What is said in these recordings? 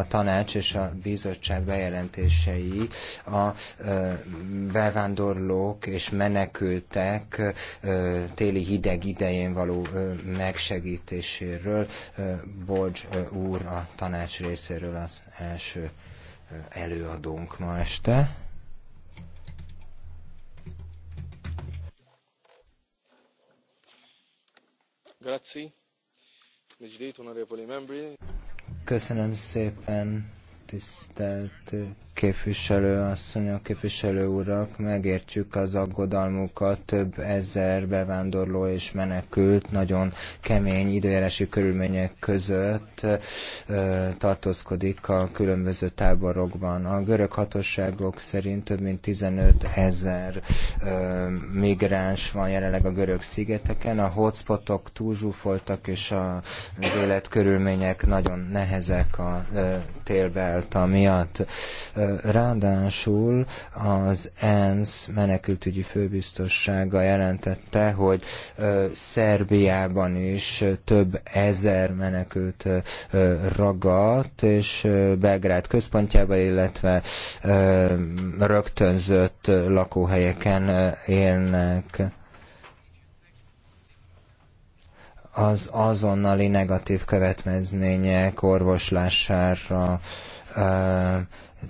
a tanács és a bizottság bejelentései a bevándorlók és menekültek téli hideg idején való megsegítéséről. Bocs úr a tanács részéről az első előadónk ma este. Grazie. Legjdét, honorevoli membri. Köszönöm szépen, tisztelt képviselő asszonyok, képviselő urak, megértjük az aggodalmukat, több ezer bevándorló és menekült nagyon kemény időjárási körülmények között tartózkodik a különböző táborokban. A görög hatóságok szerint több mint 15 ezer migráns van jelenleg a görög szigeteken, a hotspotok túlzsúfoltak és a, az életkörülmények nagyon nehezek a háttérbe állt miatt. Ráadásul az ENSZ menekültügyi főbiztossága jelentette, hogy Szerbiában is több ezer menekült ragadt, és Belgrád központjában, illetve rögtönzött lakóhelyeken élnek. az azonnali negatív következmények orvoslására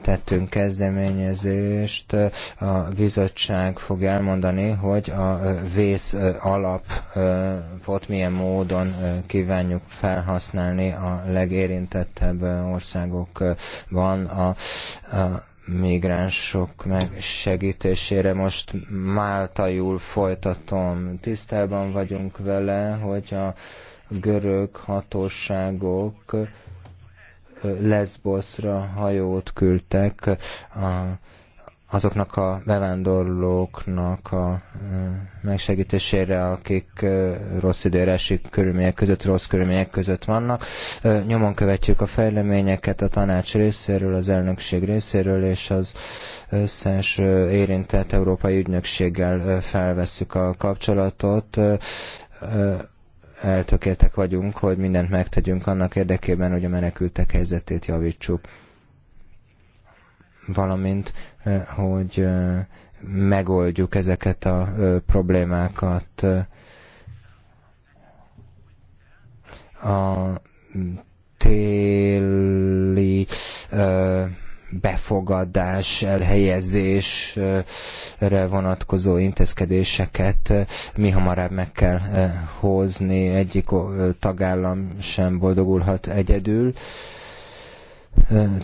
tettünk kezdeményezést, a bizottság fog elmondani, hogy a vész alapot milyen módon kívánjuk felhasználni a legérintettebb országokban a, a migránsok megsegítésére. Most máltajul folytatom. Tisztában vagyunk vele, hogy a görög hatóságok Lesbosra hajót küldtek a azoknak a bevándorlóknak a megsegítésére, akik rossz időre esik körülmények között, rossz körülmények között vannak. Nyomon követjük a fejleményeket a tanács részéről, az elnökség részéről, és az összes érintett európai ügynökséggel felveszük a kapcsolatot eltökéltek vagyunk, hogy mindent megtegyünk annak érdekében, hogy a menekültek helyzetét javítsuk valamint eh, hogy eh, megoldjuk ezeket a eh, problémákat. A téli befogadás, elhelyezésre vonatkozó intézkedéseket mi hamarabb meg kell hozni. Egyik tagállam sem boldogulhat egyedül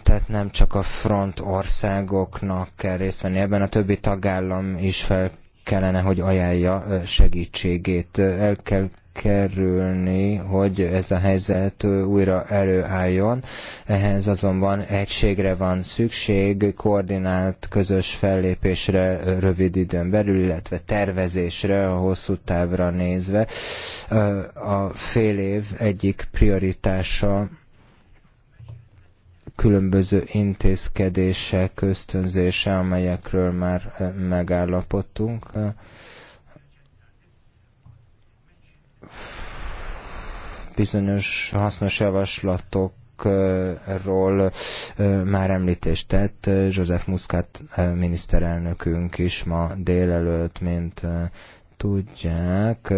tehát nem csak a front országoknak kell részt venni ebben, a többi tagállam is fel kellene, hogy ajánlja segítségét. El kell kerülni, hogy ez a helyzet újra előálljon. Ehhez azonban egységre van szükség, koordinált közös fellépésre rövid időn belül, illetve tervezésre a hosszú távra nézve. A fél év egyik prioritása különböző intézkedések ösztönzése, amelyekről már eh, megállapodtunk. Bizonyos hasznos javaslatok ról eh, már említést tett eh, József Muscat miniszterelnökünk is ma délelőtt, mint tudják,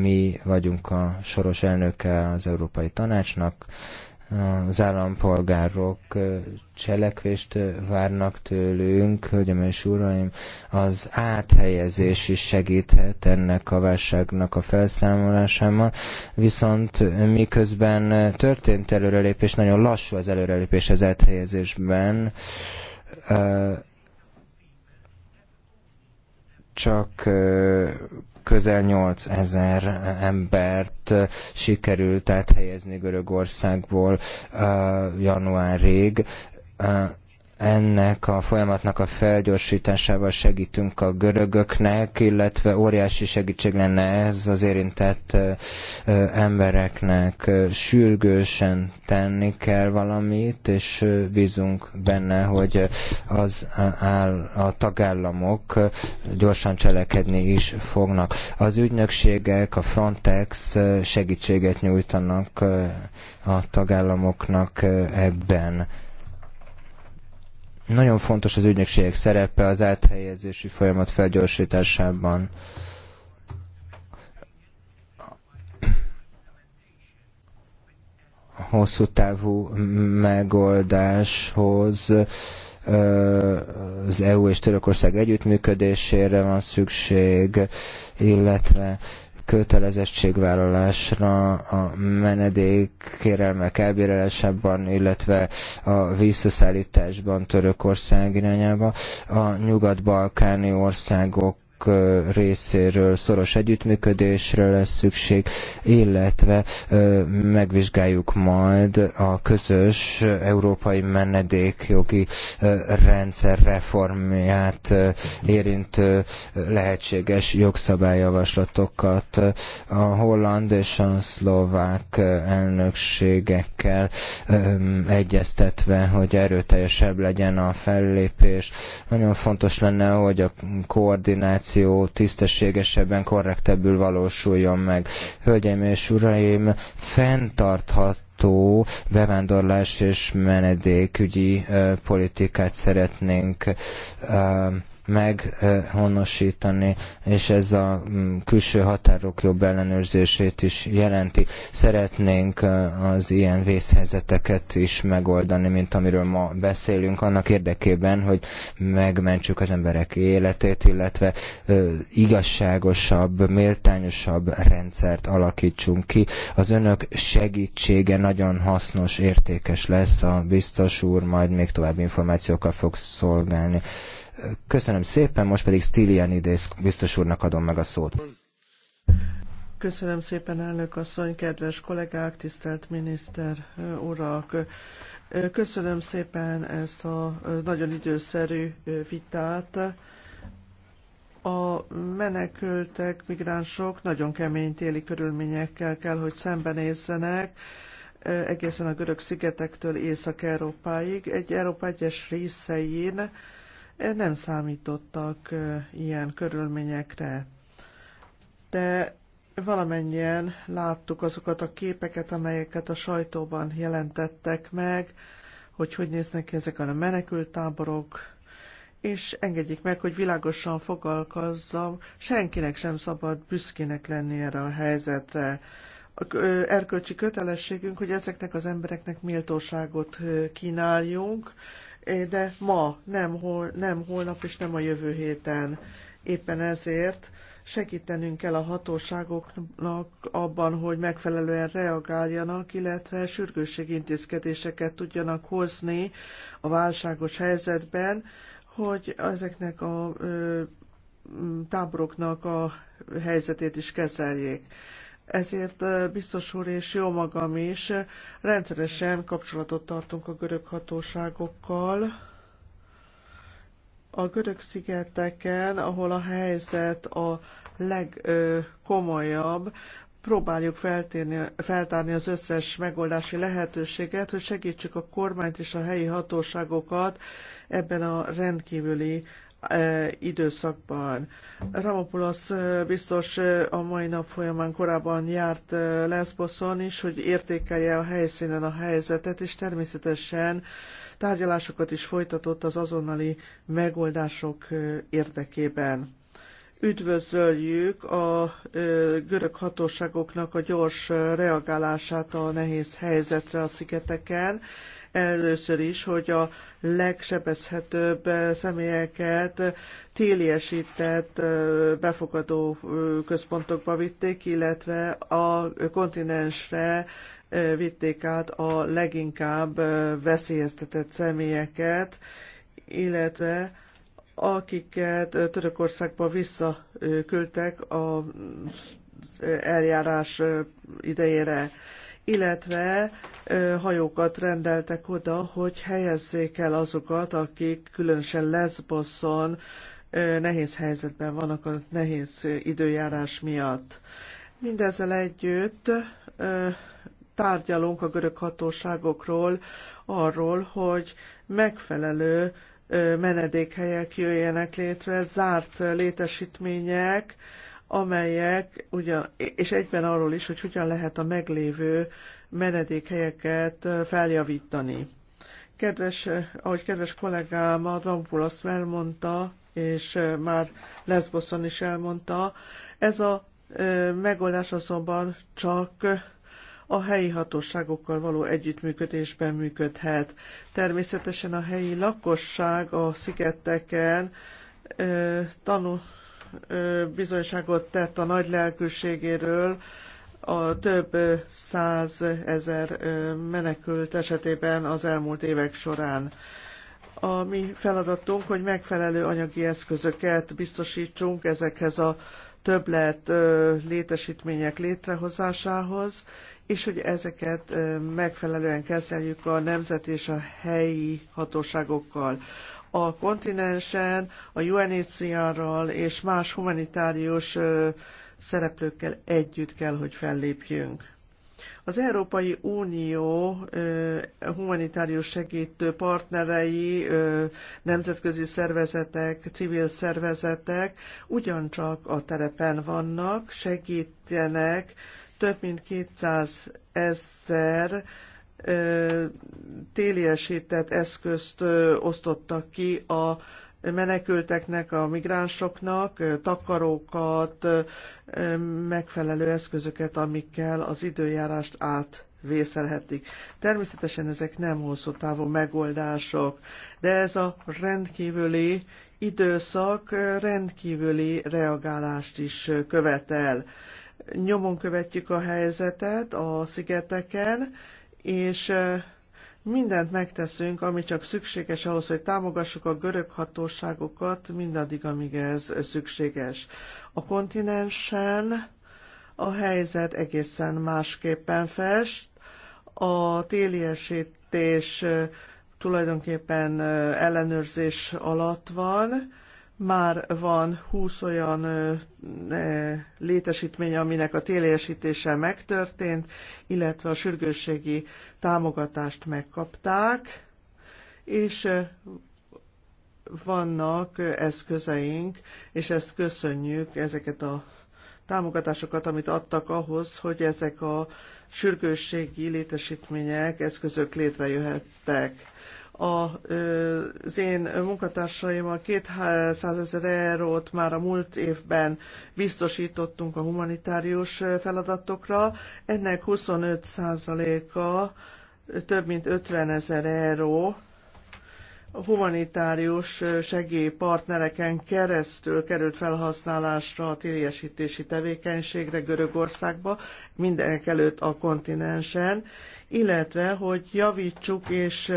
mi vagyunk a soros elnöke az Európai Tanácsnak, az állampolgárok cselekvést várnak tőlünk, hölgyeim és uraim, az áthelyezés is segíthet ennek a válságnak a felszámolásában, viszont miközben történt előrelépés, nagyon lassú az előrelépés az áthelyezésben, csak közel 8000 embert eh, sikerült áthelyezni Görögországból eh, januárig ennek a folyamatnak a felgyorsításával segítünk a görögöknek, illetve óriási segítség lenne ez az érintett embereknek. Sürgősen tenni kell valamit, és bízunk benne, hogy az áll, a tagállamok gyorsan cselekedni is fognak. Az ügynökségek, a Frontex segítséget nyújtanak a tagállamoknak ebben. Nagyon fontos az ügynökségek szerepe az áthelyezési folyamat felgyorsításában. hosszú távú megoldáshoz az EU és Törökország együttműködésére van szükség, illetve kötelezettségvállalásra a menedék kérelmek elbírálásában, illetve a visszaszállításban Törökország irányába. A nyugat-balkáni országok részéről szoros együttműködésre lesz szükség, illetve megvizsgáljuk majd a közös európai menedékjogi rendszer reformját érintő lehetséges jogszabályjavaslatokat a holland és a szlovák elnökségekkel egyeztetve, hogy erőteljesebb legyen a fellépés. Nagyon fontos lenne, hogy a koordináció kommunikáció tisztességesebben, korrektebbül valósuljon meg. Hölgyeim és uraim, fenntarthat bevándorlás és menedékügyi politikát szeretnénk meghonosítani, és ez a mm, külső határok jobb ellenőrzését is jelenti. Szeretnénk az ilyen vészhelyzeteket is megoldani, mint amiről ma beszélünk, annak érdekében, hogy megmentsük az emberek életét, illetve igazságosabb, méltányosabb rendszert alakítsunk ki. Az önök segítsége nagyon hasznos, értékes lesz, a biztos úr majd még további információkkal fog szolgálni. Köszönöm szépen, most pedig idész biztos úrnak adom meg a szót. Köszönöm szépen, elnök asszony, kedves kollégák, tisztelt miniszter urak! Köszönöm szépen ezt a nagyon időszerű vitát. A menekültek, migránsok nagyon kemény téli körülményekkel kell, hogy szembenézzenek, egészen a görög szigetektől Észak-Európáig. Egy Európa egyes részein nem számítottak ilyen körülményekre. De valamennyien láttuk azokat a képeket, amelyeket a sajtóban jelentettek meg, hogy hogy néznek ki ezek a menekültáborok, és engedjék meg, hogy világosan fogalkozzam, senkinek sem szabad büszkének lenni erre a helyzetre. A erkölcsi kötelességünk, hogy ezeknek az embereknek méltóságot kínáljunk, de ma, nem, hol, nem holnap és nem a jövő héten. Éppen ezért segítenünk kell a hatóságoknak abban, hogy megfelelően reagáljanak, illetve sürgősségi intézkedéseket tudjanak hozni a válságos helyzetben, hogy ezeknek a ö, táboroknak a helyzetét is kezeljék ezért biztos úr és jó magam is rendszeresen kapcsolatot tartunk a görög hatóságokkal. A görög szigeteken, ahol a helyzet a legkomolyabb, próbáljuk feltérni, feltárni az összes megoldási lehetőséget, hogy segítsük a kormányt és a helyi hatóságokat ebben a rendkívüli időszakban. Ramopulosz biztos a mai nap folyamán korábban járt Lesboszon is, hogy értékelje a helyszínen a helyzetet, és természetesen tárgyalásokat is folytatott az azonnali megoldások érdekében. Üdvözöljük a görög hatóságoknak a gyors reagálását a nehéz helyzetre a szigeteken, először is, hogy a legsebezhetőbb eh, személyeket eh, téliesített eh, befogadó központokba vitték, illetve a kontinensre vitték át a leginkább veszélyeztetett személyeket, illetve akiket Törökországba visszaküldtek az eljárás idejére illetve hajókat rendeltek oda, hogy helyezzék el azokat, akik különösen Lesboszon nehéz helyzetben vannak a nehéz időjárás miatt. Mindezzel együtt tárgyalunk a görög hatóságokról arról, hogy megfelelő menedékhelyek jöjjenek létre, zárt létesítmények, amelyek ugyan, és egyben arról is, hogy hogyan lehet a meglévő menedékhelyeket feljavítani. Kedves, ahogy kedves kollégám Rampulas elmondta, és már Lesboszon is elmondta, ez a megoldás azonban csak a helyi hatóságokkal való együttműködésben működhet. Természetesen a helyi lakosság a szigeteken tanul bizonyságot tett a nagy lelkűségéről a több százezer menekült esetében az elmúlt évek során. A mi feladatunk, hogy megfelelő anyagi eszközöket biztosítsunk ezekhez a többlet létesítmények létrehozásához, és hogy ezeket megfelelően kezeljük a nemzet és a helyi hatóságokkal a kontinensen, a UNHCR-ral és más humanitárius szereplőkkel együtt kell, hogy fellépjünk. Az Európai Unió humanitárius segítő partnerei, nemzetközi szervezetek, civil szervezetek ugyancsak a terepen vannak, segítenek több mint 200 ezer téliesített eszközt osztottak ki a menekülteknek, a migránsoknak, takarókat, megfelelő eszközöket, amikkel az időjárást át vészelhetik. Természetesen ezek nem hosszú távú megoldások, de ez a rendkívüli időszak rendkívüli reagálást is követel. Nyomon követjük a helyzetet a szigeteken, és mindent megteszünk, ami csak szükséges ahhoz, hogy támogassuk a görög hatóságokat mindaddig, amíg ez szükséges. A kontinensen a helyzet egészen másképpen fest. A esítés tulajdonképpen ellenőrzés alatt van, már van 20 olyan létesítmény, aminek a teljesítése megtörtént, illetve a sürgősségi támogatást megkapták, és vannak eszközeink, és ezt köszönjük, ezeket a támogatásokat, amit adtak ahhoz, hogy ezek a sürgősségi létesítmények, eszközök létrejöhettek az én munkatársaim a 200 ezer eurót már a múlt évben biztosítottunk a humanitárius feladatokra. Ennek 25 százaléka több mint 50 ezer euró a humanitárius segélypartnereken keresztül került felhasználásra a teljesítési tevékenységre Görögországba, előtt a kontinensen, illetve hogy javítsuk és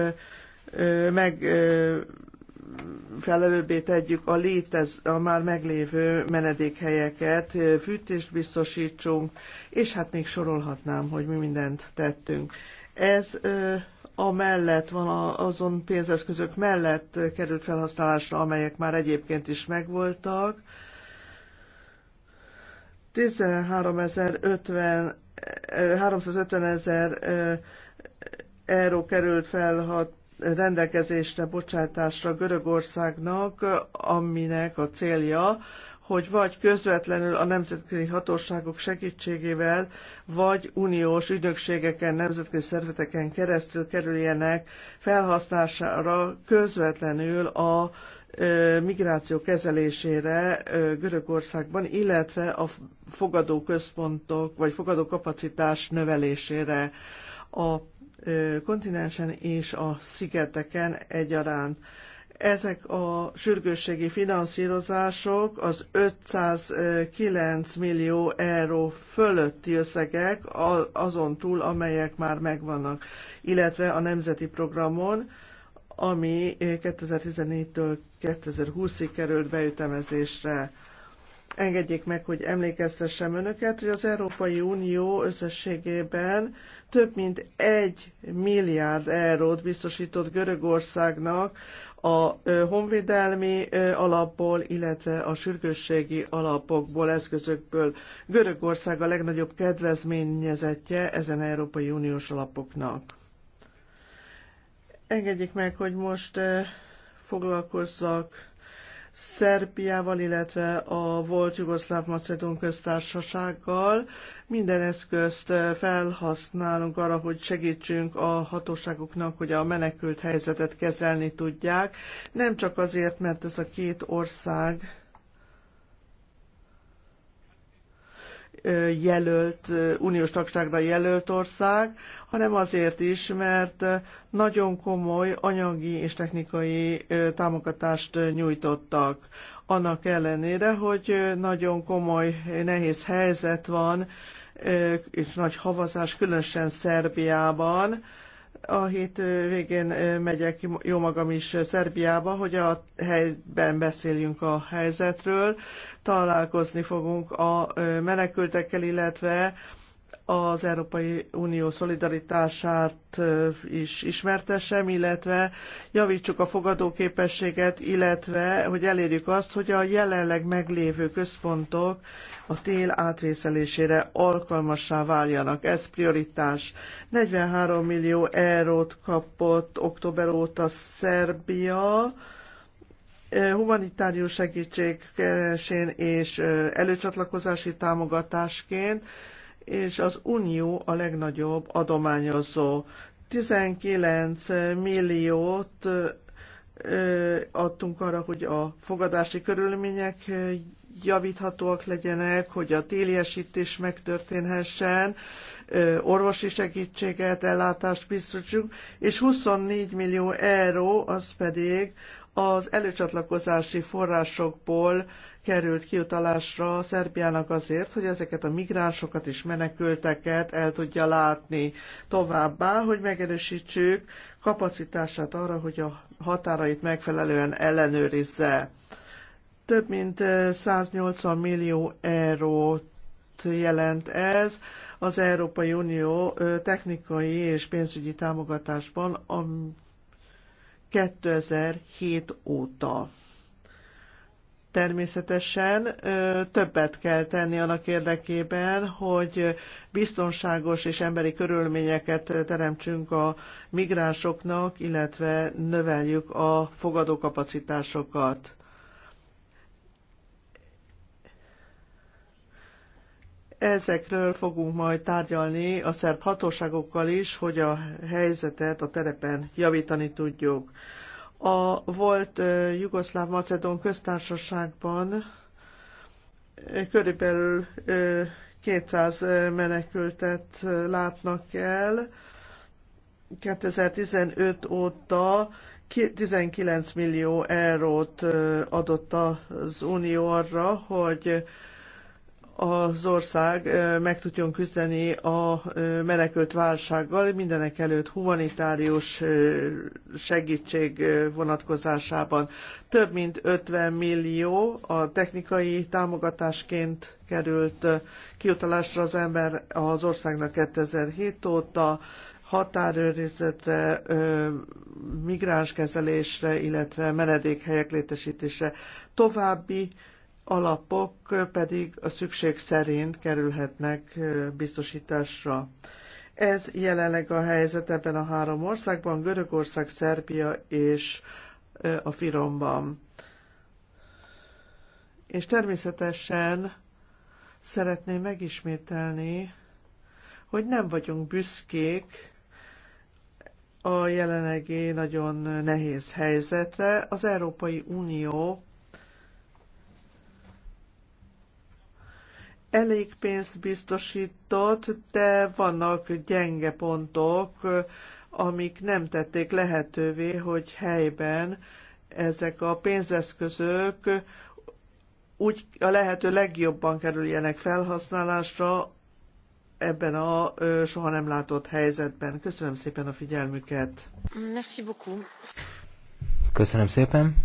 megfelelőbbé tegyük a, létez, a már meglévő menedékhelyeket, fűtést biztosítsunk, és hát még sorolhatnám, hogy mi mindent tettünk. Ez a mellett van azon pénzeszközök mellett került felhasználásra, amelyek már egyébként is megvoltak. 13.350 350 ezer euró került fel rendelkezésre bocsátásra Görögországnak, aminek a célja, hogy vagy közvetlenül a nemzetközi hatóságok segítségével, vagy uniós ügynökségeken, nemzetközi szerveteken keresztül kerüljenek felhasználásra közvetlenül a migráció kezelésére Görögországban, illetve a fogadóközpontok vagy fogadókapacitás növelésére. A kontinensen és a szigeteken egyaránt. Ezek a sürgősségi finanszírozások az 509 millió euró fölötti összegek azon túl, amelyek már megvannak, illetve a nemzeti programon, ami 2014-től 2020-ig került beütemezésre. Engedjék meg, hogy emlékeztessem önöket, hogy az Európai Unió összességében több mint egy milliárd eurót biztosított Görögországnak a honvédelmi alapból, illetve a sürgősségi alapokból, eszközökből. Görögország a legnagyobb kedvezményezettje ezen Európai Uniós alapoknak. Engedjék meg, hogy most foglalkozzak Szerbiával, illetve a volt Jugoszláv-Macedón köztársasággal. Minden eszközt eh, felhasználunk arra, hogy segítsünk a hatóságoknak, hogy a menekült helyzetet kezelni tudják. Nem csak azért, mert ez a két ország jelölt, uniós tagságra jelölt ország, hanem azért is, mert nagyon komoly anyagi és technikai támogatást nyújtottak. Annak ellenére, hogy nagyon komoly, nehéz helyzet van, és nagy havazás, különösen Szerbiában, a hét végén megyek jó magam is Szerbiába, hogy a helyben beszéljünk a helyzetről. Találkozni fogunk a menekültekkel, illetve az Európai Unió szolidaritását is ismertessem, illetve javítsuk a fogadóképességet, illetve hogy elérjük azt, hogy a jelenleg meglévő központok a tél átvészelésére alkalmassá váljanak. Ez prioritás. 43 millió eurót kapott október óta Szerbia, humanitárius segítségkeresén és előcsatlakozási támogatásként, és az Unió a legnagyobb adományozó. 19 milliót adtunk arra, hogy a fogadási körülmények javíthatóak legyenek, hogy a téliesítés megtörténhessen, orvosi segítséget, ellátást biztosítsunk, és 24 millió euró az pedig az előcsatlakozási forrásokból került kiutalásra Szerbiának azért, hogy ezeket a migránsokat és menekülteket el tudja látni továbbá, hogy megerősítsük kapacitását arra, hogy a határait megfelelően ellenőrizze. Több mint 180 eh, millió eurót jelent ez az Európai Unió eh, technikai és pénzügyi támogatásban a 2007 óta természetesen többet kell tenni annak érdekében, hogy biztonságos és emberi körülményeket teremtsünk a migránsoknak, illetve növeljük a fogadókapacitásokat. Ezekről fogunk majd tárgyalni a szerb hatóságokkal is, hogy a helyzetet a terepen javítani tudjuk a volt Jugoszláv-Macedón köztársaságban körülbelül 200 menekültet látnak el. 2015 óta 19 millió eurót adott az Unió arra, hogy az ország meg tudjon küzdeni a menekült válsággal, mindenek előtt humanitárius segítség vonatkozásában. Több mint 50 millió a technikai támogatásként került kiutalásra az ember az országnak 2007 óta, határőrizetre, migránskezelésre, illetve menedékhelyek létesítésre. További alapok pedig a szükség szerint kerülhetnek biztosításra. Ez jelenleg a helyzet ebben a három országban, Görögország, Szerbia és a Firomban. És természetesen szeretném megismételni, hogy nem vagyunk büszkék a jelenlegi nagyon nehéz helyzetre. Az Európai Unió elég pénzt biztosított, de vannak gyenge pontok, amik nem tették lehetővé, hogy helyben ezek a pénzeszközök úgy a lehető legjobban kerüljenek felhasználásra ebben a soha nem látott helyzetben. Köszönöm szépen a figyelmüket. Merci beaucoup. Köszönöm szépen.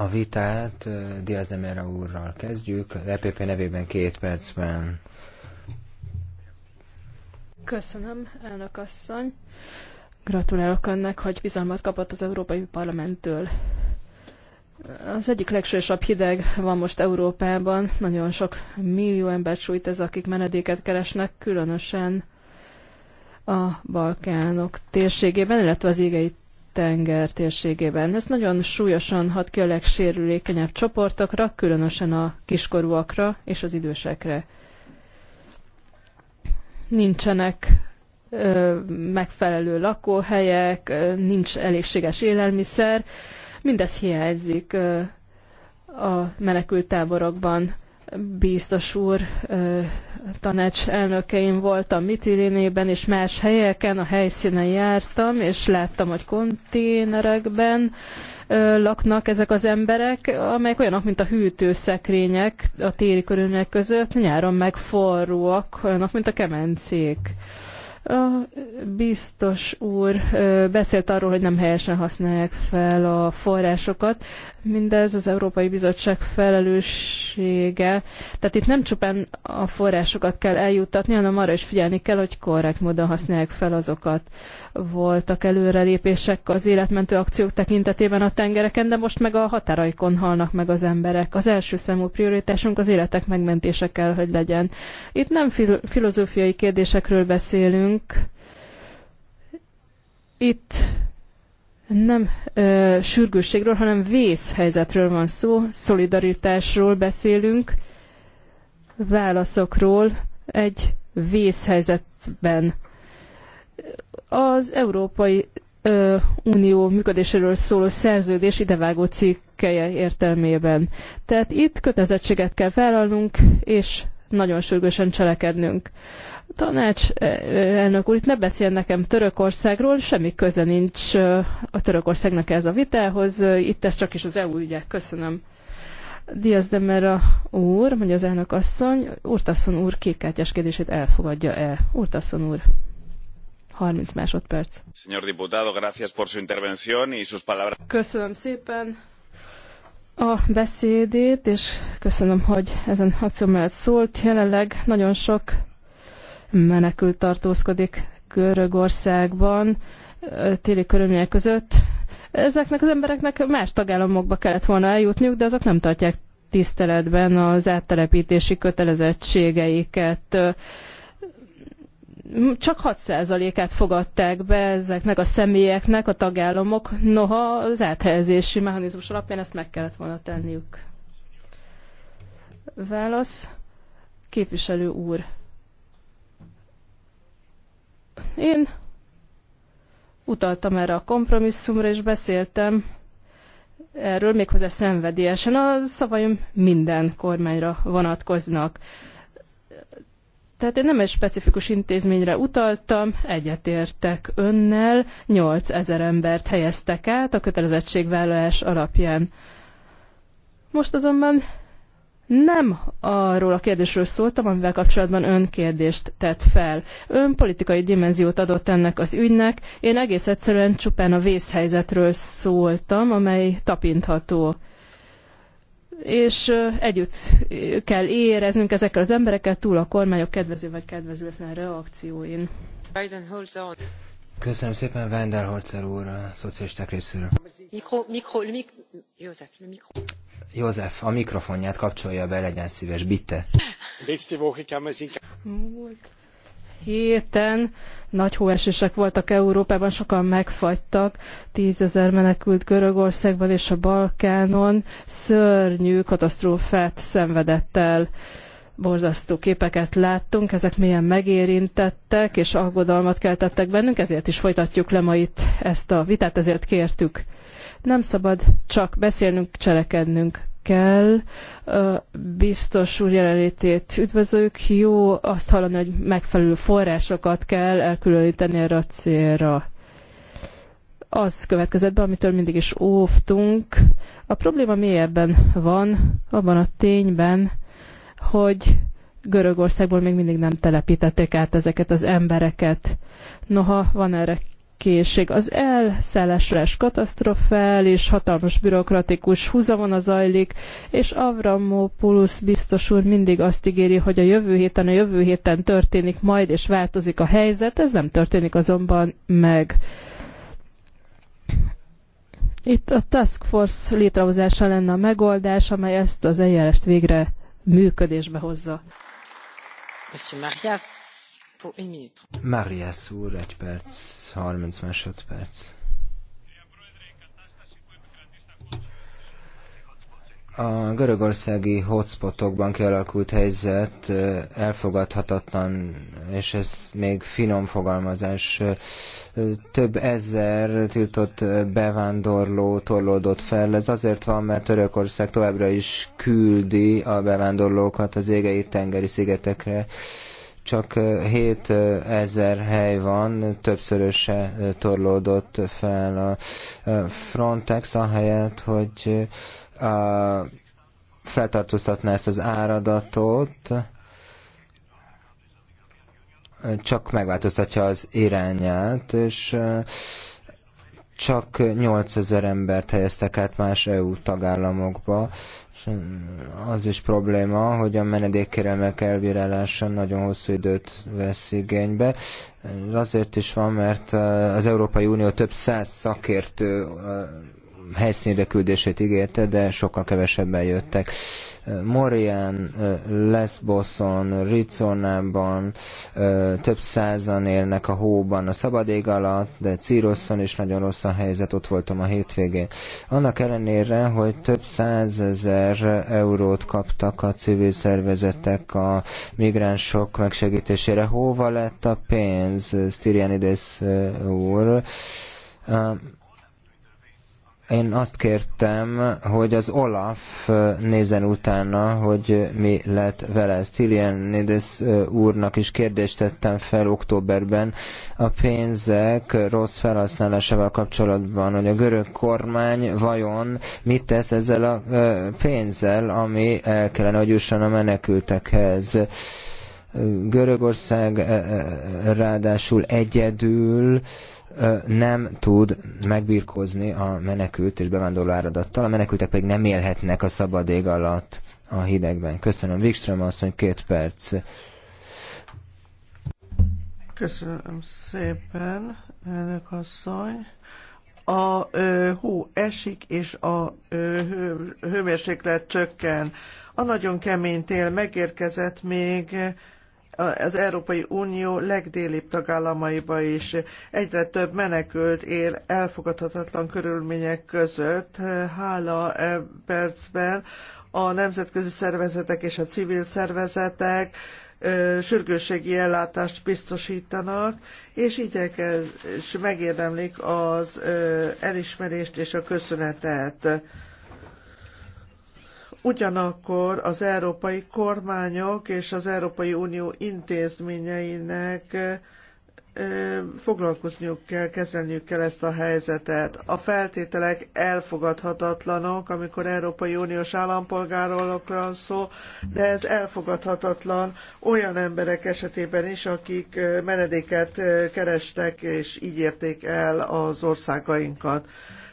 A vitát Diaz de Mera úrral kezdjük, az EPP nevében két percben. Köszönöm, elnök asszony. Gratulálok önnek, hogy bizalmat kapott az Európai Parlamenttől. Az egyik legsősabb hideg van most Európában. Nagyon sok millió ember sújt ez, akik menedéket keresnek, különösen a Balkánok térségében, illetve az égei tenger térségében. Ez nagyon súlyosan hat ki a legsérülékenyebb csoportokra, különösen a kiskorúakra és az idősekre. Nincsenek ö, megfelelő lakóhelyek, ö, nincs elégséges élelmiszer, mindez hiányzik ö, a menekült táborokban biztos úr tanács elnökeim voltam Mitilénében és más helyeken, a helyszínen jártam, és láttam, hogy konténerekben laknak ezek az emberek, amelyek olyanok, mint a hűtőszekrények a téli körülmények között, nyáron meg forróak, olyanok, mint a kemencék. A biztos úr beszélt arról, hogy nem helyesen használják fel a forrásokat. Mindez az Európai Bizottság felelőssége. Tehát itt nem csupán a forrásokat kell eljuttatni, hanem arra is figyelni kell, hogy korrekt módon használják fel azokat voltak előrelépések az életmentő akciók tekintetében a tengereken, de most meg a határaikon halnak meg az emberek. Az első számú prioritásunk az életek megmentése kell, hogy legyen. Itt nem fil- filozófiai kérdésekről beszélünk, itt nem ö, sürgősségről, hanem vészhelyzetről van szó, szolidaritásról beszélünk, válaszokról egy vészhelyzetben az Európai ö, Unió működéséről szóló szerződés idevágó cikkeje értelmében. Tehát itt kötelezettséget kell vállalnunk, és nagyon sürgősen cselekednünk. Tanács, elnök úr, itt ne beszél nekem Törökországról, semmi köze nincs a Törökországnak ez a vitához, itt ez csak is az EU ügyek. Köszönöm. Diaz de Mera úr, mondja az elnök asszony, Urtaszon úr kékkártyás kérdését elfogadja-e? Urtaszon úr. 30 másodperc. Señor diputado, gracias por su intervención y sus palabras. Köszönöm szépen a beszédét, és köszönöm, hogy ezen akció mellett szólt. Jelenleg nagyon sok menekült tartózkodik Görögországban téli körülmények között. Ezeknek az embereknek más tagállamokba kellett volna eljutniuk, de azok nem tartják tiszteletben az áttelepítési kötelezettségeiket csak 6%-át fogadták be ezeknek a személyeknek a tagállamok, noha az áthelyezési mechanizmus alapján ezt meg kellett volna tenniük. Válasz. Képviselő úr. Én utaltam erre a kompromisszumra, és beszéltem erről méghozzá szenvedélyesen. A szavaim minden kormányra vonatkoznak. Tehát én nem egy specifikus intézményre utaltam, egyetértek önnel, 8000 embert helyeztek át a kötelezettségvállalás alapján. Most azonban nem arról a kérdésről szóltam, amivel kapcsolatban ön kérdést tett fel. Ön politikai dimenziót adott ennek az ügynek, én egész egyszerűen csupán a vészhelyzetről szóltam, amely tapintható és együtt kell éreznünk ezekkel az emberekkel túl a kormányok kedvező vagy kedvezőtlen reakcióin. Köszönöm szépen, Holzer úr, a szocialisták részéről. Mikro, mikro, mik... József, mikro. József, a mikrofonját kapcsolja be, legyen szíves, bitte. Múlt héten nagy hóesések voltak Európában, sokan megfagytak, tízezer menekült Görögországban és a Balkánon szörnyű katasztrófát szenvedett el. Borzasztó képeket láttunk, ezek milyen megérintettek és aggodalmat keltettek bennünk, ezért is folytatjuk le ma itt ezt a vitát, ezért kértük. Nem szabad csak beszélnünk, cselekednünk kell. Biztos úr jelenlétét üdvözlők. Jó azt hallani, hogy megfelelő forrásokat kell elkülöníteni erre a célra. Az következett be, amitől mindig is óvtunk. A probléma mélyebben van, abban a tényben, hogy Görögországból még mindig nem telepítették át ezeket az embereket. Noha van erre készség. Az katasztrofál, és hatalmas bürokratikus húzavona zajlik, és Avramopoulos biztos úr mindig azt ígéri, hogy a jövő héten, a jövő héten történik majd, és változik a helyzet, ez nem történik azonban meg. Itt a Task Force létrehozása lenne a megoldás, amely ezt az eljárást végre működésbe hozza. Monsieur Marias. Marias egy perc, 30 másodperc. A görögországi hotspotokban kialakult helyzet elfogadhatatlan, és ez még finom fogalmazás. Több ezer tiltott bevándorló torlódott fel. Ez azért van, mert Törökország továbbra is küldi a bevándorlókat az égei tengeri szigetekre csak 7000 hely van, többszöröse torlódott fel a Frontex, ahelyett, hogy feltartóztatná ezt az áradatot, csak megváltoztatja az irányát, és csak 8000 embert helyeztek át más EU tagállamokba, és az is probléma, hogy a menedékkérelmek elbírálása nagyon hosszú időt vesz igénybe. Azért is van, mert az Európai Unió több száz szakértő helyszínre küldését ígérte, de sokkal kevesebben jöttek. Morian, Lesboson, Riconában több százan élnek a hóban a szabad ég alatt, de Círoszon is nagyon rossz a helyzet, ott voltam a hétvégén. Annak ellenére, hogy több százezer eurót kaptak a civil szervezetek a migránsok megsegítésére. Hova lett a pénz, Styrianides úr? Én azt kértem, hogy az Olaf nézen utána, hogy mi lett vele. Stylianides úrnak is kérdést tettem fel októberben a pénzek rossz felhasználásával kapcsolatban, hogy a görög kormány vajon mit tesz ezzel a pénzzel, ami el kellene, hogy jusson a menekültekhez. Görögország ráadásul egyedül nem tud megbirkózni a menekült és bevándorló áradattal, a menekültek pedig nem élhetnek a szabad ég alatt a hidegben. Köszönöm. Wikström asszony, két perc. Köszönöm szépen, elnök asszony a ö, hó esik, és a ö, hő, hőmérséklet csökken. A nagyon kemény tél megérkezett még az Európai Unió legdélibb tagállamaiba is. Egyre több menekült él elfogadhatatlan körülmények között. Hála e percben a nemzetközi szervezetek és a civil szervezetek sürgősségi ellátást biztosítanak, és igyekez, és megérdemlik az elismerést és a köszönetet. Ugyanakkor az európai kormányok és az Európai Unió intézményeinek foglalkozniuk kell, kezelniük kell ezt a helyzetet. A feltételek elfogadhatatlanok, amikor Európai Uniós állampolgárokról van szó, de ez elfogadhatatlan olyan emberek esetében is, akik menedéket kerestek és így érték el az országainkat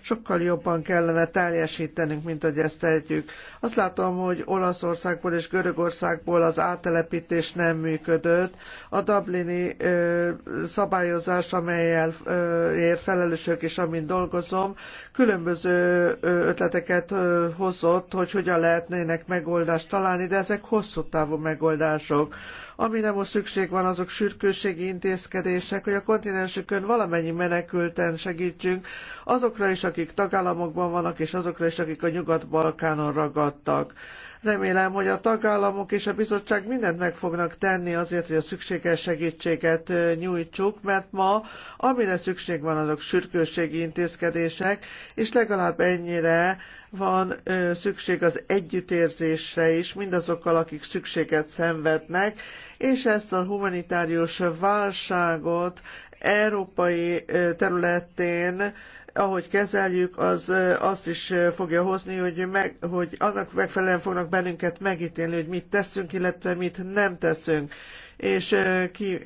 sokkal jobban kellene teljesítenünk, mint hogy ezt tehetjük. Azt látom, hogy Olaszországból és Görögországból az áttelepítés nem működött. A Dublini ö, szabályozás, amelyel ö, ér felelősök és amin dolgozom, különböző ötleteket ö, hozott, hogy hogyan lehetnének megoldást találni, de ezek hosszú távú megoldások. Amire most szükség van, azok sürgősségi intézkedések, hogy a kontinensükön valamennyi menekülten segítsünk, azokra is, akik tagállamokban vannak, és azokra is, akik a Nyugat-Balkánon ragadtak. Remélem, hogy a tagállamok és a bizottság mindent meg fognak tenni azért, hogy a szükséges segítséget nyújtsuk, mert ma amire szükség van, azok sürgősségi intézkedések, és legalább ennyire van ö, szükség az együttérzésre is, mindazokkal, akik szükséget szenvednek, és ezt a humanitárius válságot európai területén ahogy kezeljük, az azt is fogja hozni, hogy, meg, hogy annak megfelelően fognak bennünket megítélni, hogy mit teszünk, illetve mit nem teszünk és ki,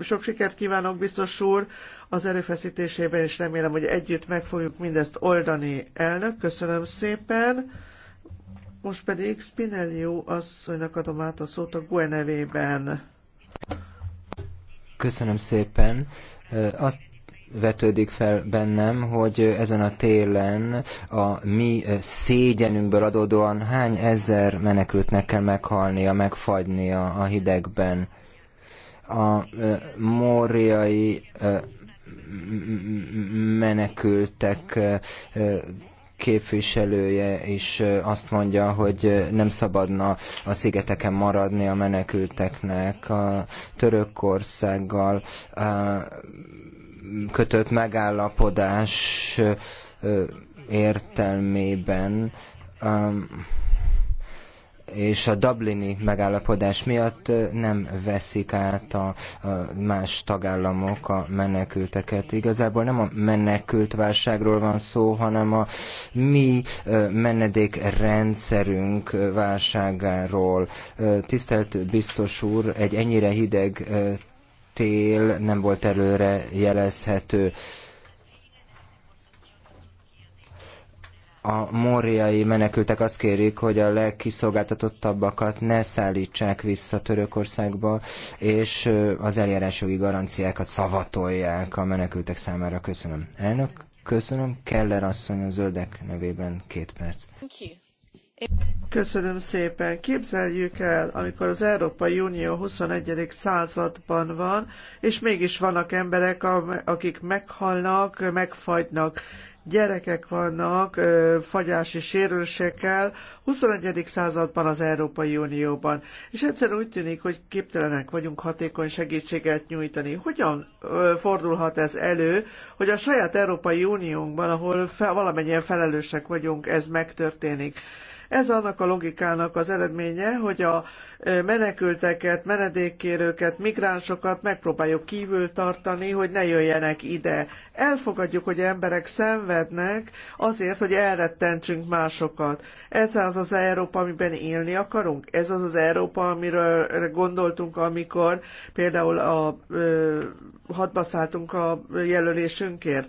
sok sikert kívánok, biztos úr, az erőfeszítésében, és remélem, hogy együtt meg fogjuk mindezt oldani. Elnök, köszönöm szépen. Most pedig Spinelliu asszonynak adom át a szót a GUE nevében. Köszönöm szépen. Azt vetődik fel bennem, hogy ezen a télen a mi szégyenünkből adódóan hány ezer menekültnek kell meghalnia, megfagynia a hidegben. A e, móriai e, menekültek e, képviselője is azt mondja, hogy nem szabadna a szigeteken maradni a menekülteknek. A Törökországgal kötött megállapodás értelmében és a Dublini megállapodás miatt nem veszik át a, más tagállamok a menekülteket. Igazából nem a menekült válságról van szó, hanem a mi menedékrendszerünk válságáról. Tisztelt biztos úr, egy ennyire hideg tél nem volt előre jelezhető. a morjai menekültek azt kérik, hogy a legkiszolgáltatottabbakat ne szállítsák vissza Törökországba, és az eljárásjogi garanciákat szavatolják a menekültek számára. Köszönöm. Elnök, köszönöm. Keller asszony a zöldek nevében két perc. Köszönöm szépen. Képzeljük el, amikor az Európai Unió 21. században van, és mégis vannak emberek, akik meghalnak, megfagynak, gyerekek vannak fagyási sérülésekkel 21. században az Európai Unióban. És egyszerűen úgy tűnik, hogy képtelenek vagyunk hatékony segítséget nyújtani. Hogyan fordulhat ez elő, hogy a saját Európai Uniónkban, ahol fe, valamennyien felelősek vagyunk, ez megtörténik? Ez annak a logikának az eredménye, hogy a menekülteket, menedékkérőket, migránsokat megpróbáljuk kívül tartani, hogy ne jöjjenek ide. Elfogadjuk, hogy emberek szenvednek azért, hogy elrettentsünk másokat. Ez az az Európa, amiben élni akarunk? Ez az az Európa, amiről gondoltunk, amikor például a, hadba szálltunk a jelölésünkért?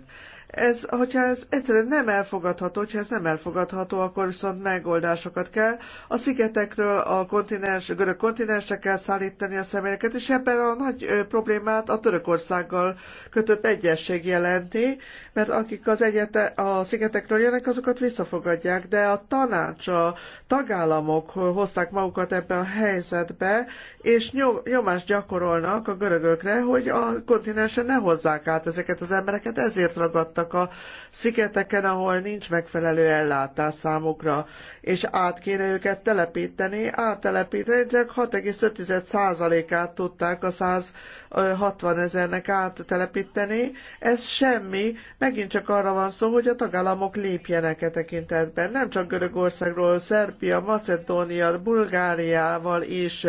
ez, hogyha ez egyszerűen nem elfogadható, hogyha ez nem elfogadható, akkor viszont megoldásokat kell. A szigetekről a kontinens, görög kontinensre kell szállítani a személyeket, és ebben a nagy problémát a Törökországgal kötött egyesség jelenti, mert akik az egyete, a szigetekről jönnek, azokat visszafogadják, de a tanács, a tagállamok hozták magukat ebbe a helyzetbe, és nyomást gyakorolnak a görögökre, hogy a kontinensen ne hozzák át ezeket az embereket, ezért ragadtak a szigeteken, ahol nincs megfelelő ellátás számukra és át kéne őket telepíteni, áttelepíteni, csak 6,5%-át tudták a 160 ezernek áttelepíteni. Ez semmi, megint csak arra van szó, hogy a tagállamok lépjenek e tekintetben. Nem csak Görögországról, Szerbia, Macedónia, Bulgáriával is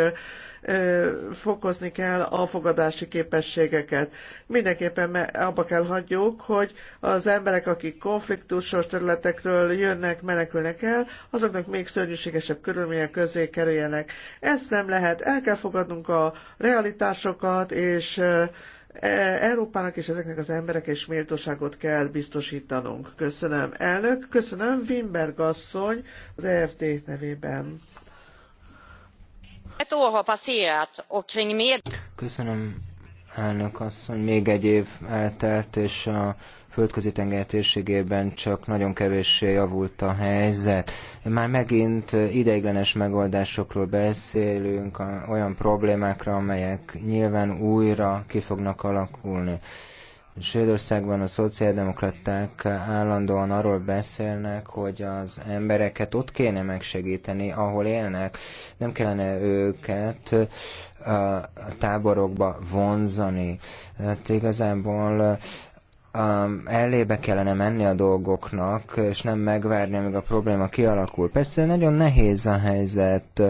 fokozni kell a fogadási képességeket. Mindenképpen abba kell hagyjuk, hogy az emberek, akik konfliktusos területekről jönnek, menekülnek el, azoknak még szörnyűségesebb körülmények közé kerüljenek. Ezt nem lehet. El kell fogadnunk a realitásokat, és e, Európának és ezeknek az emberek és méltóságot kell biztosítanunk. Köszönöm, elnök. Köszönöm, Wimberg asszony az EFT nevében. Köszönöm, elnök asszony. Még egy év eltelt, és a földközi tenger térségében csak nagyon kevéssé javult a helyzet. Már megint ideiglenes megoldásokról beszélünk, olyan problémákra, amelyek nyilván újra ki fognak alakulni. Svédországban a szociáldemokraták állandóan arról beszélnek, hogy az embereket ott kéne megsegíteni, ahol élnek. Nem kellene őket a táborokba vonzani. Hát igazából elébe kellene menni a dolgoknak, és nem megvárni, amíg a probléma kialakul. Persze nagyon nehéz a helyzet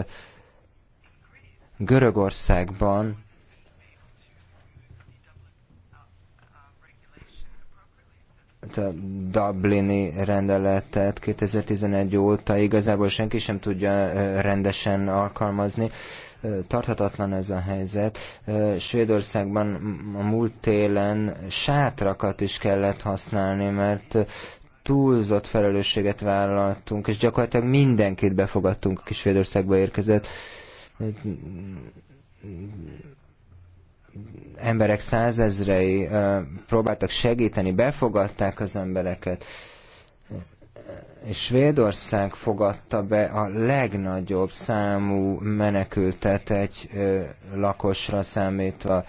Görögországban, a Dublini rendeletet 2011 óta igazából senki sem tudja rendesen alkalmazni. Tarthatatlan ez a helyzet. Svédországban a múlt télen sátrakat is kellett használni, mert túlzott felelősséget vállaltunk, és gyakorlatilag mindenkit befogadtunk, aki Svédországba érkezett emberek százezrei próbáltak segíteni, befogadták az embereket, és Svédország fogadta be a legnagyobb számú menekültet egy lakosra számítva.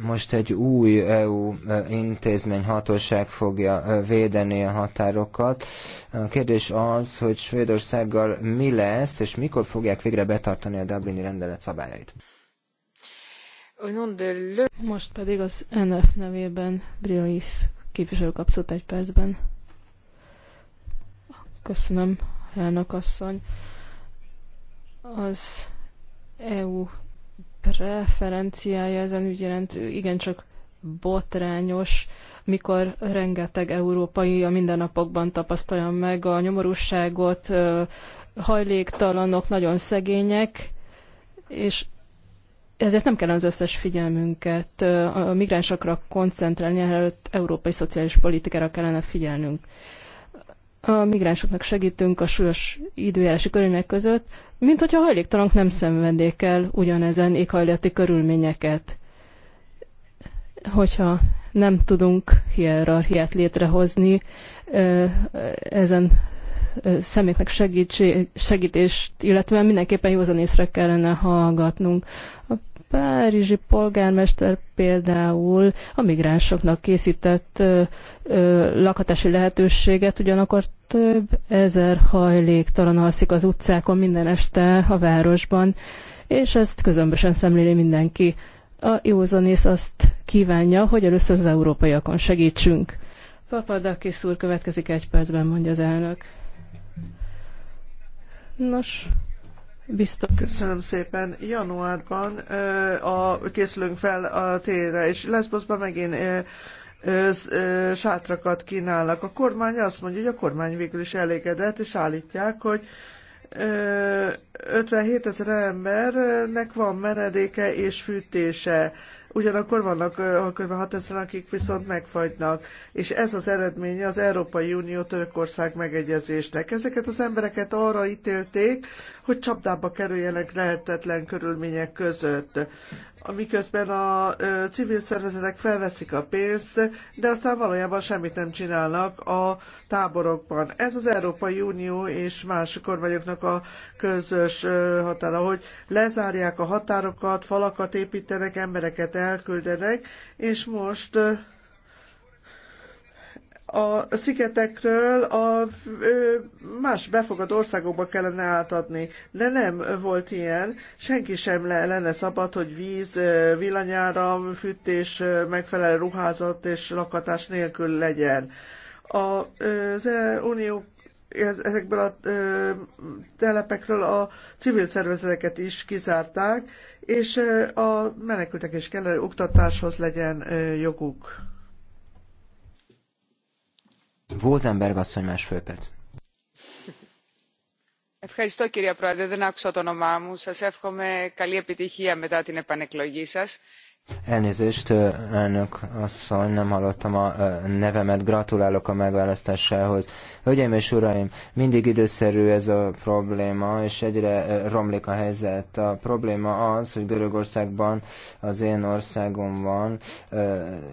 Most egy új EU e, intézmény hatóság fogja e, védeni a határokat. A kérdés az, hogy Svédországgal mi lesz, és mikor fogják végre betartani a Dublini rendelet szabályait. Most pedig az NF nevében Briois képviselő kapszott egy percben. Köszönöm, elnök asszony. Az EU preferenciája ezen ügyjelent igencsak botrányos, mikor rengeteg európai a mindennapokban tapasztalja meg a nyomorúságot, hajléktalanok, nagyon szegények, és ezért nem kell az összes figyelmünket a migránsokra koncentrálni, előtt európai szociális politikára kellene figyelnünk. A migránsoknak segítünk a súlyos időjárási körülmények között, mint hogyha hajléktalanok nem szenvednék el ugyanezen éghajlati körülményeket. Hogyha nem tudunk hierarchiát létrehozni, ezen szemétnek segítség, segítést, illetve mindenképpen józan észre kellene hallgatnunk. A párizsi polgármester például a migránsoknak készített ö, ö, lakhatási lehetőséget, ugyanakkor több ezer hajléktalan alszik az utcákon minden este a városban, és ezt közömbösen szemléli mindenki. A józanész azt kívánja, hogy először az európaiakon segítsünk. Papadakis úr következik egy percben, mondja az elnök. Nos, Biztos. Köszönöm szépen. Januárban ö, a, készülünk fel a térre, és Lesbosban megint ö, ö, ö, sátrakat kínálnak. A kormány azt mondja, hogy a kormány végül is elégedett, és állítják, hogy 57 ezer embernek van meredéke és fűtése. Ugyanakkor vannak a kb. 6000 akik viszont megfagynak, és ez az eredménye az Európai Unió Törökország megegyezésnek. Ezeket az embereket arra ítélték, hogy csapdába kerüljenek lehetetlen körülmények között amiközben a civil szervezetek felveszik a pénzt, de aztán valójában semmit nem csinálnak a táborokban. Ez az Európai Unió és más kormányoknak a közös határa, hogy lezárják a határokat, falakat építenek, embereket elküldenek, és most a szigetekről a más befogadó országokba kellene átadni. De nem volt ilyen, senki sem lenne szabad, hogy víz, villanyáram, fűtés, megfelelő ruházat és lakatás nélkül legyen. Az e Unió ezekből a telepekről a civil szervezeteket is kizárták, és a menekültek is kellene oktatáshoz legyen joguk. Vózenberg asszony másfél perc. Ευχαριστώ κυρία Πρόεδρε, δεν άκουσα το όνομά μου. Σας εύχομαι καλή επιτυχία μετά την επανεκλογή σας. Elnézést, elnök asszony, nem hallottam a nevemet, gratulálok a megválasztásához. Hölgyeim és uraim, mindig időszerű ez a probléma, és egyre romlik a helyzet. A probléma az, hogy Görögországban, az én országomban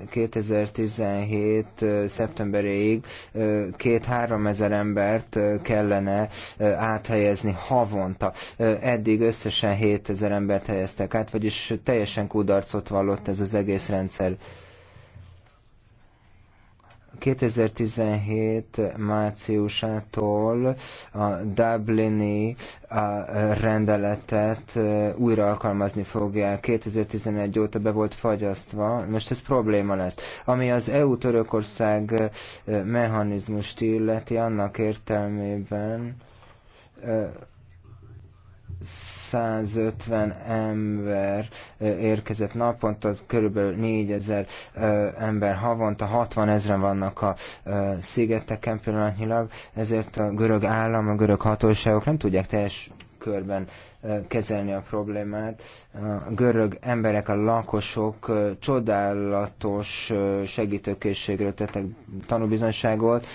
2017. szeptemberéig két-három ezer embert kellene áthelyezni havonta. Eddig összesen 7 ezer embert helyeztek át, vagyis teljesen kudarcot való összeomlott ez az egész rendszer. 2017 márciusától a Dublini eh, rendeletet eh, újra alkalmazni fogják. 2011 óta be volt fagyasztva, most ez probléma lesz. Ami az EU-Törökország eh, mechanizmust illeti, annak értelmében 150 ember érkezett naponta, körülbelül 4000 ember havonta, 60 ezeren vannak a szigeteken pillanatnyilag, ezért a görög állam, a görög hatóságok nem tudják teljes körben kezelni a problémát. A görög emberek, a lakosok csodálatos segítőkészségről tettek tanúbizonságot,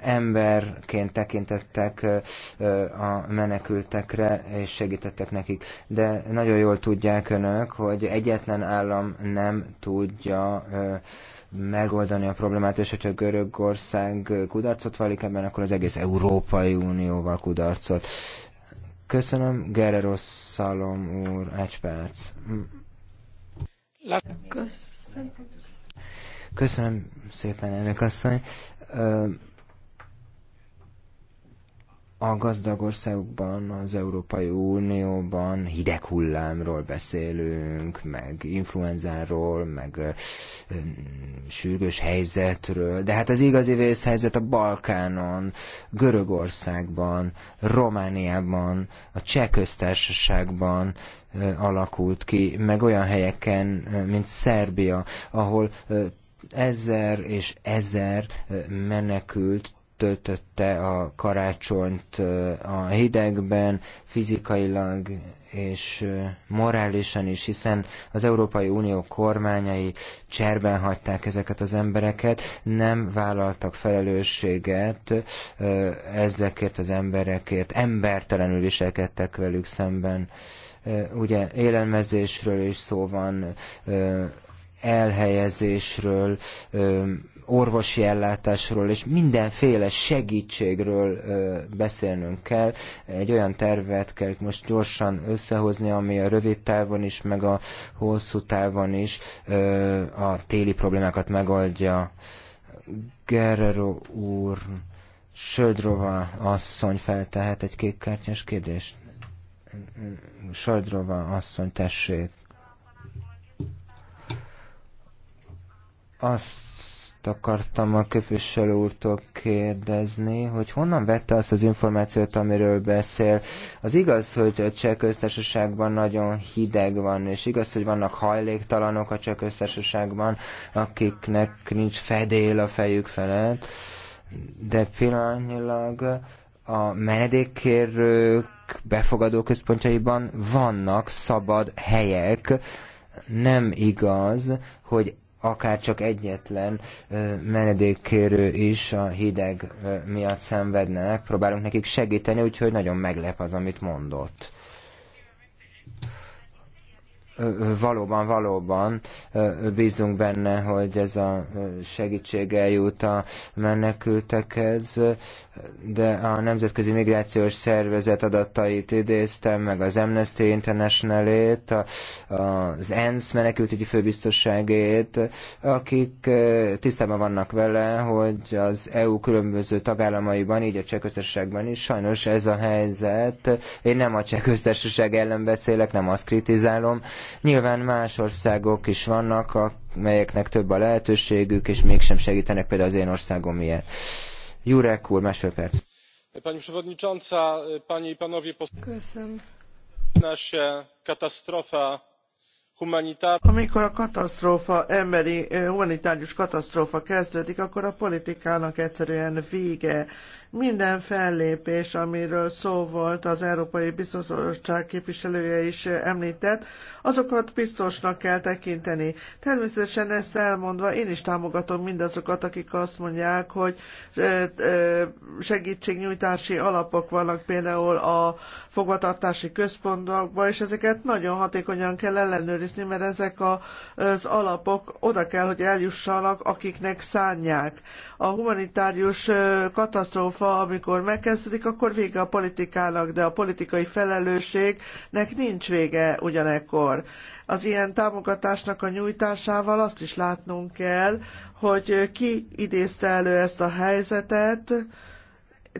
emberként tekintettek a menekültekre, és segítettek nekik. De nagyon jól tudják önök, hogy egyetlen állam nem tudja megoldani a problémát, és hogyha Görögország kudarcot válik ebben, akkor az egész Európai Unióval kudarcot. Köszönöm, Guerrero Szalom úr, egy perc. Köszönöm. Köszönöm szépen, elnök asszony a gazdag országokban, az Európai Unióban hideg hullámról beszélünk, meg influenzáról, meg ö, ö, sürgős helyzetről, de hát az igazi vészhelyzet a Balkánon, Görögországban, Romániában, a Cseh köztársaságban ö, alakult ki, meg olyan helyeken, mint Szerbia, ahol ezer és ezer menekült töltötte a karácsonyt a hidegben, fizikailag és morálisan is, hiszen az Európai Unió kormányai cserben hagyták ezeket az embereket, nem vállaltak felelősséget ezekért az emberekért, embertelenül viselkedtek velük szemben. Ugye élelmezésről is szó van, elhelyezésről, orvosi ellátásról és mindenféle segítségről beszélnünk kell. Egy olyan tervet kell most gyorsan összehozni, ami a rövid távon is, meg a hosszú távon is a téli problémákat megoldja. Guerrero úr, Söldrova asszony feltehet egy kékkártyás kérdést. Söldrova asszony, tessék. Azt akartam a képviselő úrtól kérdezni, hogy honnan vette azt az információt, amiről beszél. Az igaz, hogy a cseh köztársaságban nagyon hideg van, és igaz, hogy vannak hajléktalanok a cseh köztársaságban, akiknek nincs fedél a fejük felett, de pillanatnyilag a menedékkérők befogadó központjaiban vannak szabad helyek, nem igaz, hogy akár csak egyetlen menedékkérő is a hideg miatt szenvednek, Próbálunk nekik segíteni, úgyhogy nagyon meglep az, amit mondott valóban, valóban bízunk benne, hogy ez a segítség eljut a menekültekhez, de a Nemzetközi Migrációs Szervezet adatait idéztem, meg az Amnesty International-ét, az ENSZ menekültügyi főbiztosságét, akik tisztában vannak vele, hogy az EU különböző tagállamaiban, így a Csehköztársaságban is sajnos ez a helyzet. Én nem a Csehköztársaság ellen beszélek, nem azt kritizálom. Nyilván más országok is vannak, melyeknek több a lehetőségük, és mégsem segítenek például az én országom ilyet Pani przewodnicząca, panie i panowie posłowie. katastrofa humanitarna. amikor a katasztrófa, emberi eh, humanitárius katasztrófa kezdődik, akkor a politikának egyszerűen vége. Minden fellépés, amiről szó volt, az Európai Biztonság képviselője is említett, azokat biztosnak kell tekinteni. Természetesen ezt elmondva én is támogatom mindazokat, akik azt mondják, hogy segítségnyújtási alapok vannak például a fogatartási központokban, és ezeket nagyon hatékonyan kell ellenőrizni, mert ezek az alapok oda kell, hogy eljussanak, akiknek szánják. A humanitárius katasztrófa ha amikor megkezdődik, akkor vége a politikának, de a politikai felelősségnek nincs vége ugyanekkor. Az ilyen támogatásnak a nyújtásával azt is látnunk kell, hogy ki idézte elő ezt a helyzetet,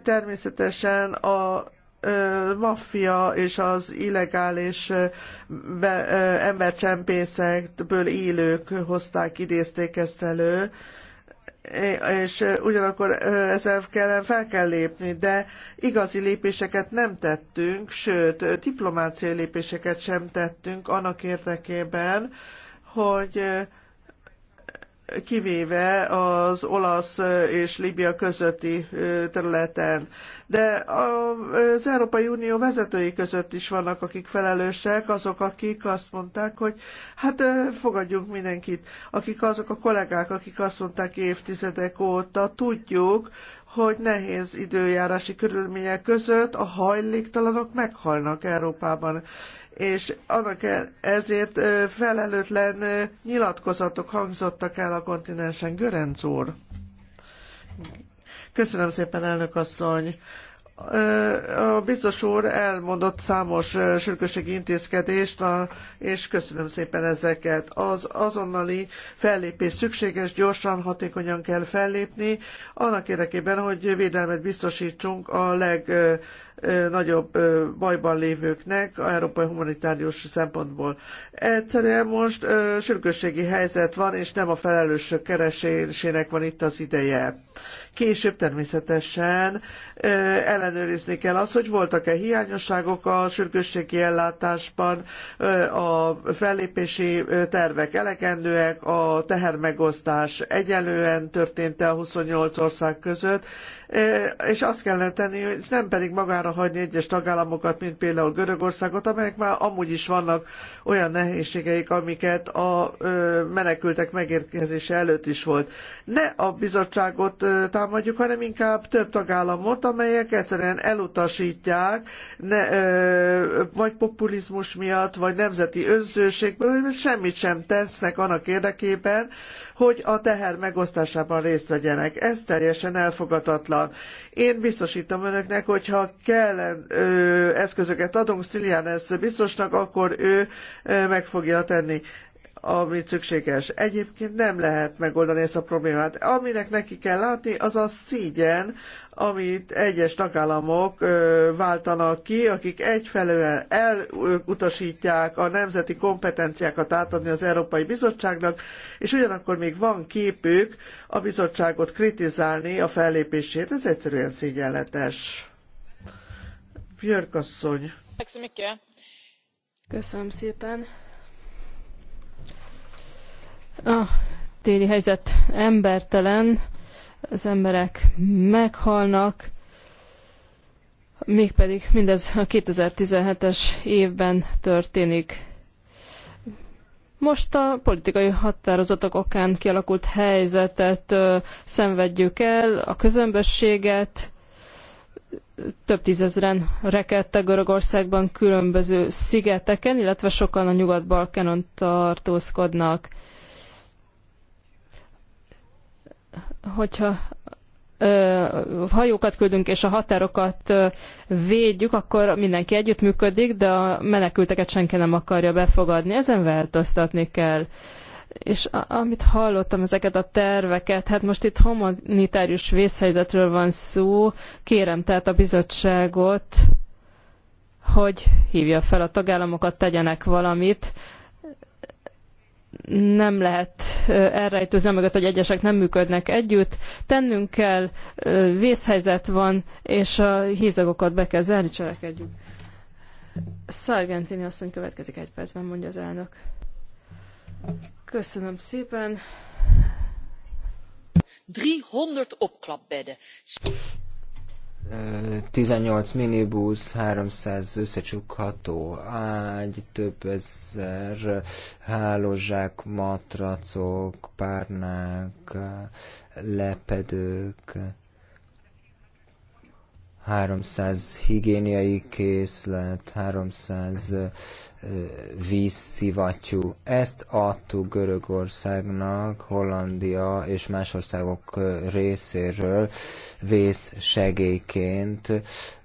természetesen a maffia és az illegális embercsempészekből élők hozták, idézték ezt elő, és ugyanakkor ezzel kell, fel kell lépni, de igazi lépéseket nem tettünk, sőt, diplomáciai lépéseket sem tettünk annak érdekében, hogy kivéve az olasz és Líbia közötti területen de az Európai Unió vezetői között is vannak, akik felelősek, azok, akik azt mondták, hogy hát fogadjunk mindenkit, akik azok a kollégák, akik azt mondták évtizedek óta, tudjuk, hogy nehéz időjárási körülmények között a hajléktalanok meghalnak Európában és annak e, ezért felelőtlen nyilatkozatok hangzottak el a kontinensen. Görenc úr. Köszönöm szépen, elnök asszony. A biztos úr elmondott számos sürgősségi intézkedést, és köszönöm szépen ezeket. Az azonnali fellépés szükséges, gyorsan, hatékonyan kell fellépni, annak érdekében, hogy védelmet biztosítsunk a leg nagyobb bajban lévőknek európai humanitárius szempontból. Egyszerűen most sürgősségi helyzet van, és nem a felelősök keresésének van itt az ideje. Később természetesen ellenőrizni kell azt, hogy voltak-e hiányosságok a sürgősségi ellátásban, a fellépési tervek elegendőek, a tehermegosztás egyenlően történt-e a 28 ország között, és azt kellene tenni, hogy nem pedig magára hagyni egyes tagállamokat, mint például Görögországot, amelyek már amúgy is vannak olyan nehézségeik, amiket a menekültek megérkezése előtt is volt. Ne a bizottságot támadjuk, hanem inkább több tagállamot, amelyek egyszerűen elutasítják, ne, vagy populizmus miatt, vagy nemzeti önzőségből, hogy semmit sem tesznek annak érdekében, hogy a teher megosztásában részt vegyenek. Ez teljesen elfogadatlan. Én biztosítom önöknek, hogy ha kell eszközöket adunk Szilián ez biztosnak, akkor ő meg fogja tenni amit szükséges. Egyébként nem lehet megoldani ezt a problémát. Aminek neki kell látni, az a szígyen, amit egyes tagállamok váltanak ki, akik egyfelően elutasítják a nemzeti kompetenciákat átadni az Európai Bizottságnak, és ugyanakkor még van képük a bizottságot kritizálni a fellépését. Ez egyszerűen szégyenletes. Björk asszony. Köszönöm szépen. A téli helyzet embertelen, az emberek meghalnak, mégpedig mindez a 2017-es évben történik. Most a politikai határozatok okán kialakult helyzetet ö, szenvedjük el, a közömbösséget, több tízezren rekedtek Görögországban különböző szigeteken, illetve sokan a Nyugat-Balkánon tartózkodnak hogyha hajókat küldünk és a határokat védjük, akkor mindenki együttműködik, de a menekülteket senki nem akarja befogadni. Ezen változtatni kell. És amit hallottam, ezeket a terveket, hát most itt humanitárius vészhelyzetről van szó, kérem tehát a bizottságot, hogy hívja fel a tagállamokat, tegyenek valamit, nem lehet elrejtőzni, mögött, hogy egyesek nem működnek együtt. Tennünk kell, vészhelyzet van, és a hízagokat be kell zárni, cselekedjük. Szargentini asszony következik egy percben, mondja az elnök. Köszönöm szépen. 300 opklapbedden. 18 minibusz, 300 összecsukható ágy, több ezer hálózsák, matracok, párnák, lepedők, 300 higiéniai készlet, 300 vízszivattyú. Ezt adtuk Görögországnak, Hollandia és más országok részéről vészsegélyként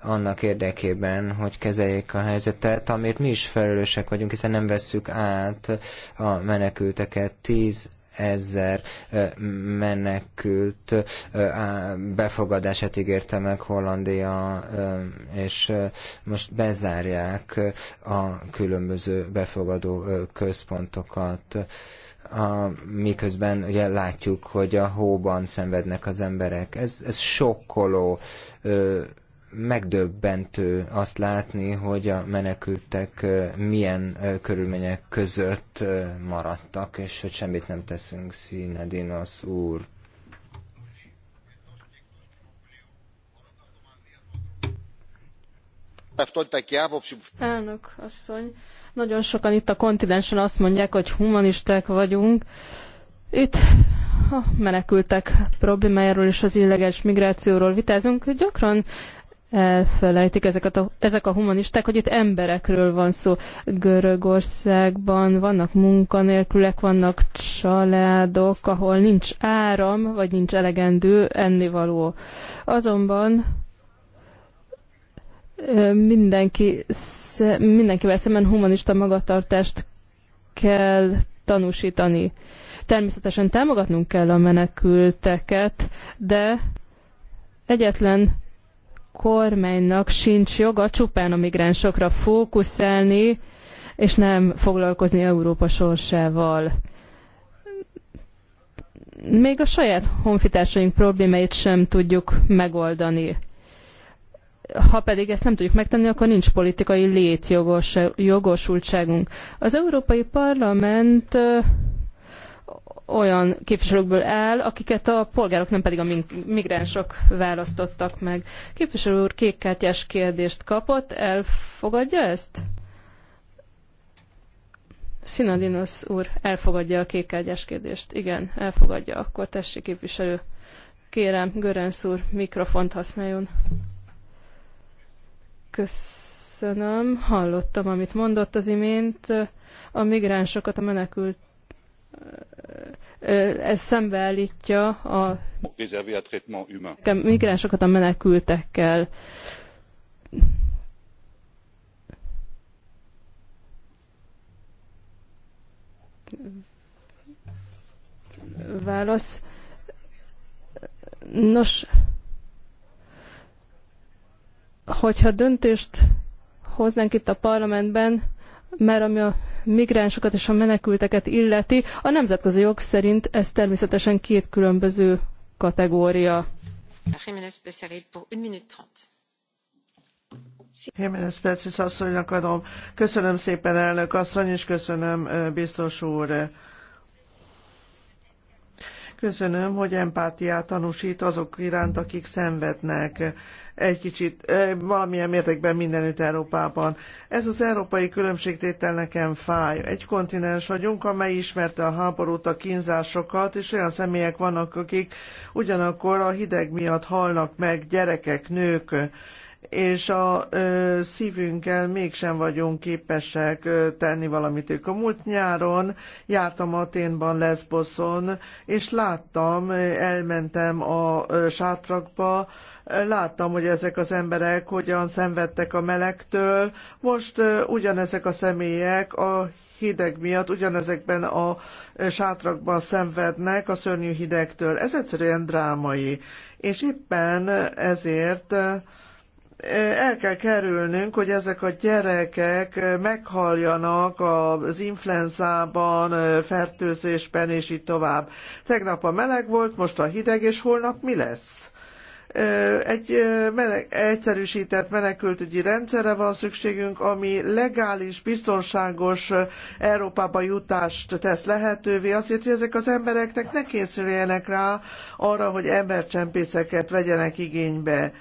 annak érdekében, hogy kezeljék a helyzetet, amit mi is felelősek vagyunk, hiszen nem vesszük át a menekülteket. Tíz ezer menekült befogadását ígérte meg Hollandia, és most bezárják a különböző befogadó központokat a, miközben ugye látjuk, hogy a hóban szenvednek az emberek. Ez, ez sokkoló, ö, megdöbbentő azt látni, hogy a menekültek milyen körülmények között maradtak, és hogy semmit nem teszünk, Dinos úr. Elnök asszony, nagyon sokan itt a kontinensen azt mondják, hogy humanisták vagyunk. Itt a menekültek problémájáról és az illegális migrációról vitázunk. Gyakran elfelejtik ezeket a, ezek a humanisták, hogy itt emberekről van szó. Görögországban vannak munkanélkülek, vannak családok, ahol nincs áram, vagy nincs elegendő ennivaló. Azonban mindenki, mindenkivel szemben humanista magatartást kell tanúsítani. Természetesen támogatnunk kell a menekülteket, de egyetlen kormánynak sincs joga csupán a migránsokra fókuszálni, és nem foglalkozni Európa sorsával. Még a saját honfitársaink problémáit sem tudjuk megoldani. Ha pedig ezt nem tudjuk megtenni, akkor nincs politikai létjogosultságunk. Az Európai Parlament olyan képviselőkből áll, akiket a polgárok, nem pedig a migránsok választottak meg. Képviselő úr kékkártyás kérdést kapott, elfogadja ezt? Sinadinos úr elfogadja a kékkártyás kérdést. Igen, elfogadja. Akkor tessék képviselő. Kérem, Görensz úr, mikrofont használjon. Köszönöm. Hallottam, amit mondott az imént. A migránsokat, a menekült ez szembeállítja a migránsokat a menekültekkel. Válasz. Nos, hogyha döntést hoznánk itt a parlamentben, mert ami a migránsokat és a menekülteket illeti, a nemzetközi jog szerint ez természetesen két különböző kategória. Jiménez Precis asszonynak adom. Köszönöm szépen, elnök asszony, és köszönöm, biztos úr. Köszönöm, hogy empátiát tanúsít azok iránt, akik szenvednek egy kicsit valamilyen mértékben mindenütt Európában. Ez az európai különbségtétel nekem fáj. Egy kontinens vagyunk, amely ismerte a háborút, a kínzásokat, és olyan személyek vannak, akik ugyanakkor a hideg miatt halnak meg, gyerekek, nők és a ö, szívünkkel mégsem vagyunk képesek ö, tenni valamit. Ők a múlt nyáron jártam Aténban, Leszboszon, és láttam, elmentem a ö, sátrakba, láttam, hogy ezek az emberek hogyan szenvedtek a melegtől. Most ö, ugyanezek a személyek a hideg miatt ugyanezekben a sátrakban szenvednek a szörnyű hidegtől. Ez egyszerűen drámai. És éppen ezért el kell kerülnünk, hogy ezek a gyerekek meghaljanak az influenzában, fertőzésben és így tovább. Tegnap a meleg volt, most a hideg, és holnap mi lesz? egy meleg, egyszerűsített menekültügyi rendszerre van szükségünk, ami legális, biztonságos Európába jutást tesz lehetővé, azért, hogy ezek az embereknek ne készüljenek rá arra, hogy embercsempészeket vegyenek igénybe.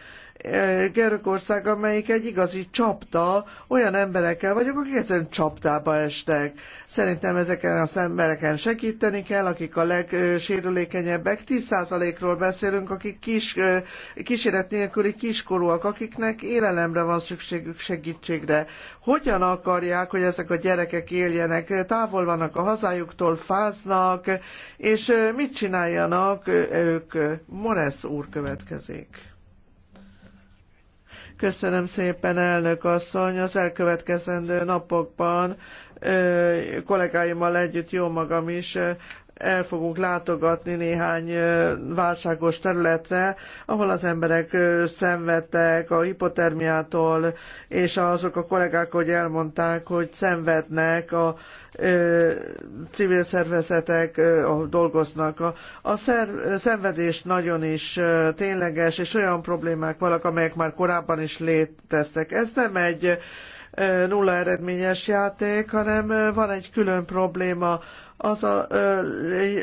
Görögország, amelyik egy igazi csapda, olyan emberekkel vagyok, akik egyszerűen csapdába estek. Szerintem ezeken az embereken segíteni kell, akik a legsérülékenyebbek. 10%-ról beszélünk, akik kis, kíséret nélküli kiskorúak, akiknek élelemre van szükségük segítségre. Hogyan akarják, hogy ezek a gyerekek éljenek? Távol vannak a hazájuktól, fáznak, és mit csináljanak ők? Moresz úr következik. Köszönöm szépen, elnök asszony. Az elkövetkezendő napokban kollégáimmal együtt jó magam is el fogunk látogatni néhány válságos területre, ahol az emberek szenvedtek a hipotermiától, és azok a kollégák, hogy elmondták, hogy szenvednek a civil szervezetek dolgoznak. A, szenvedés nagyon is tényleges, és olyan problémák vannak, amelyek már korábban is léteztek. Ez nem egy nulla eredményes játék, hanem van egy külön probléma, az a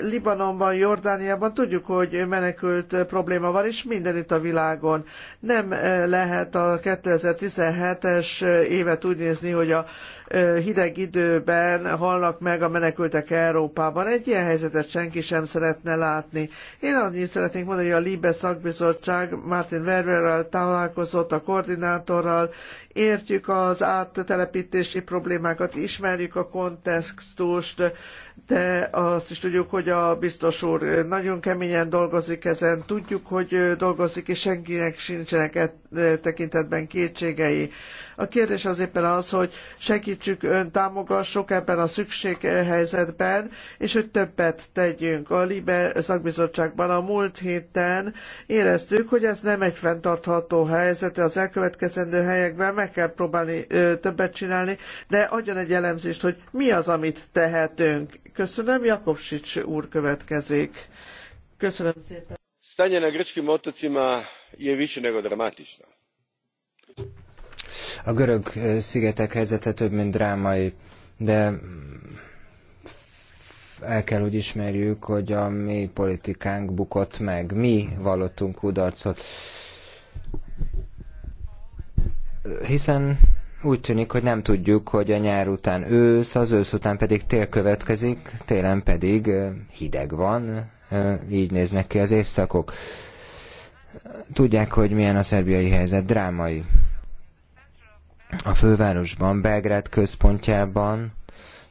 Libanonban, Jordániában tudjuk, hogy menekült probléma van, és mindenütt a világon. Nem lehet a 2017-es évet úgy nézni, hogy a hideg időben halnak meg a menekültek Európában. Egy ilyen helyzetet senki sem szeretne látni. Én annyit szeretnék mondani, hogy a Libe szakbizottság Martin Werberrel találkozott a koordinátorral, értjük az áttelepítési problémákat, ismerjük a kontextust, de azt is tudjuk, hogy a biztos úr nagyon keményen dolgozik ezen, tudjuk, hogy dolgozik, és senkinek sincsenek tekintetben kétségei. A kérdés az éppen az, hogy segítsük ön, támogassuk ebben a szükséghelyzetben, és hogy többet tegyünk. A Libe szakbizottságban a múlt héten éreztük, hogy ez nem egy fenntartható helyzet, az elkövetkezendő helyekben meg kell próbálni többet csinálni, de adjon egy elemzést, hogy mi az, amit tehetünk. Köszönöm, Jakovsics úr következik. Köszönöm szépen. Stanje na grčkim otocima je nego A görög eh, szigetek helyzete több mint drámai, de mm, el kell, hogy ismerjük, hogy a mi politikánk bukott meg. Mi vallottunk kudarcot. Hiszen úgy tűnik, hogy nem tudjuk, hogy a nyár után ősz, az ősz után pedig tél következik, télen pedig eh, hideg van, eh, így néznek ki az évszakok. Tudják, hogy milyen a szerbiai helyzet, drámai. A fővárosban, Belgrád központjában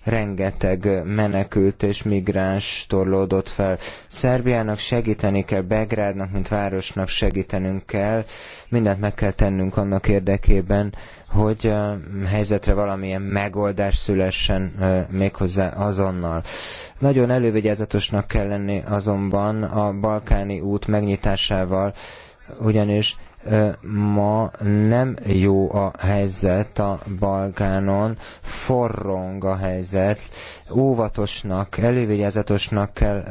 rengeteg menekült és migráns torlódott fel. Szerbiának segíteni kell, Belgrádnak, mint városnak segítenünk kell, mindent meg kell tennünk annak érdekében, hogy a helyzetre valamilyen megoldás szülessen méghozzá azonnal. Nagyon elővigyázatosnak kell lenni azonban a balkáni út megnyitásával, ugyanis ma nem jó a helyzet a Balkánon, forrong a helyzet, óvatosnak, elővigyázatosnak kell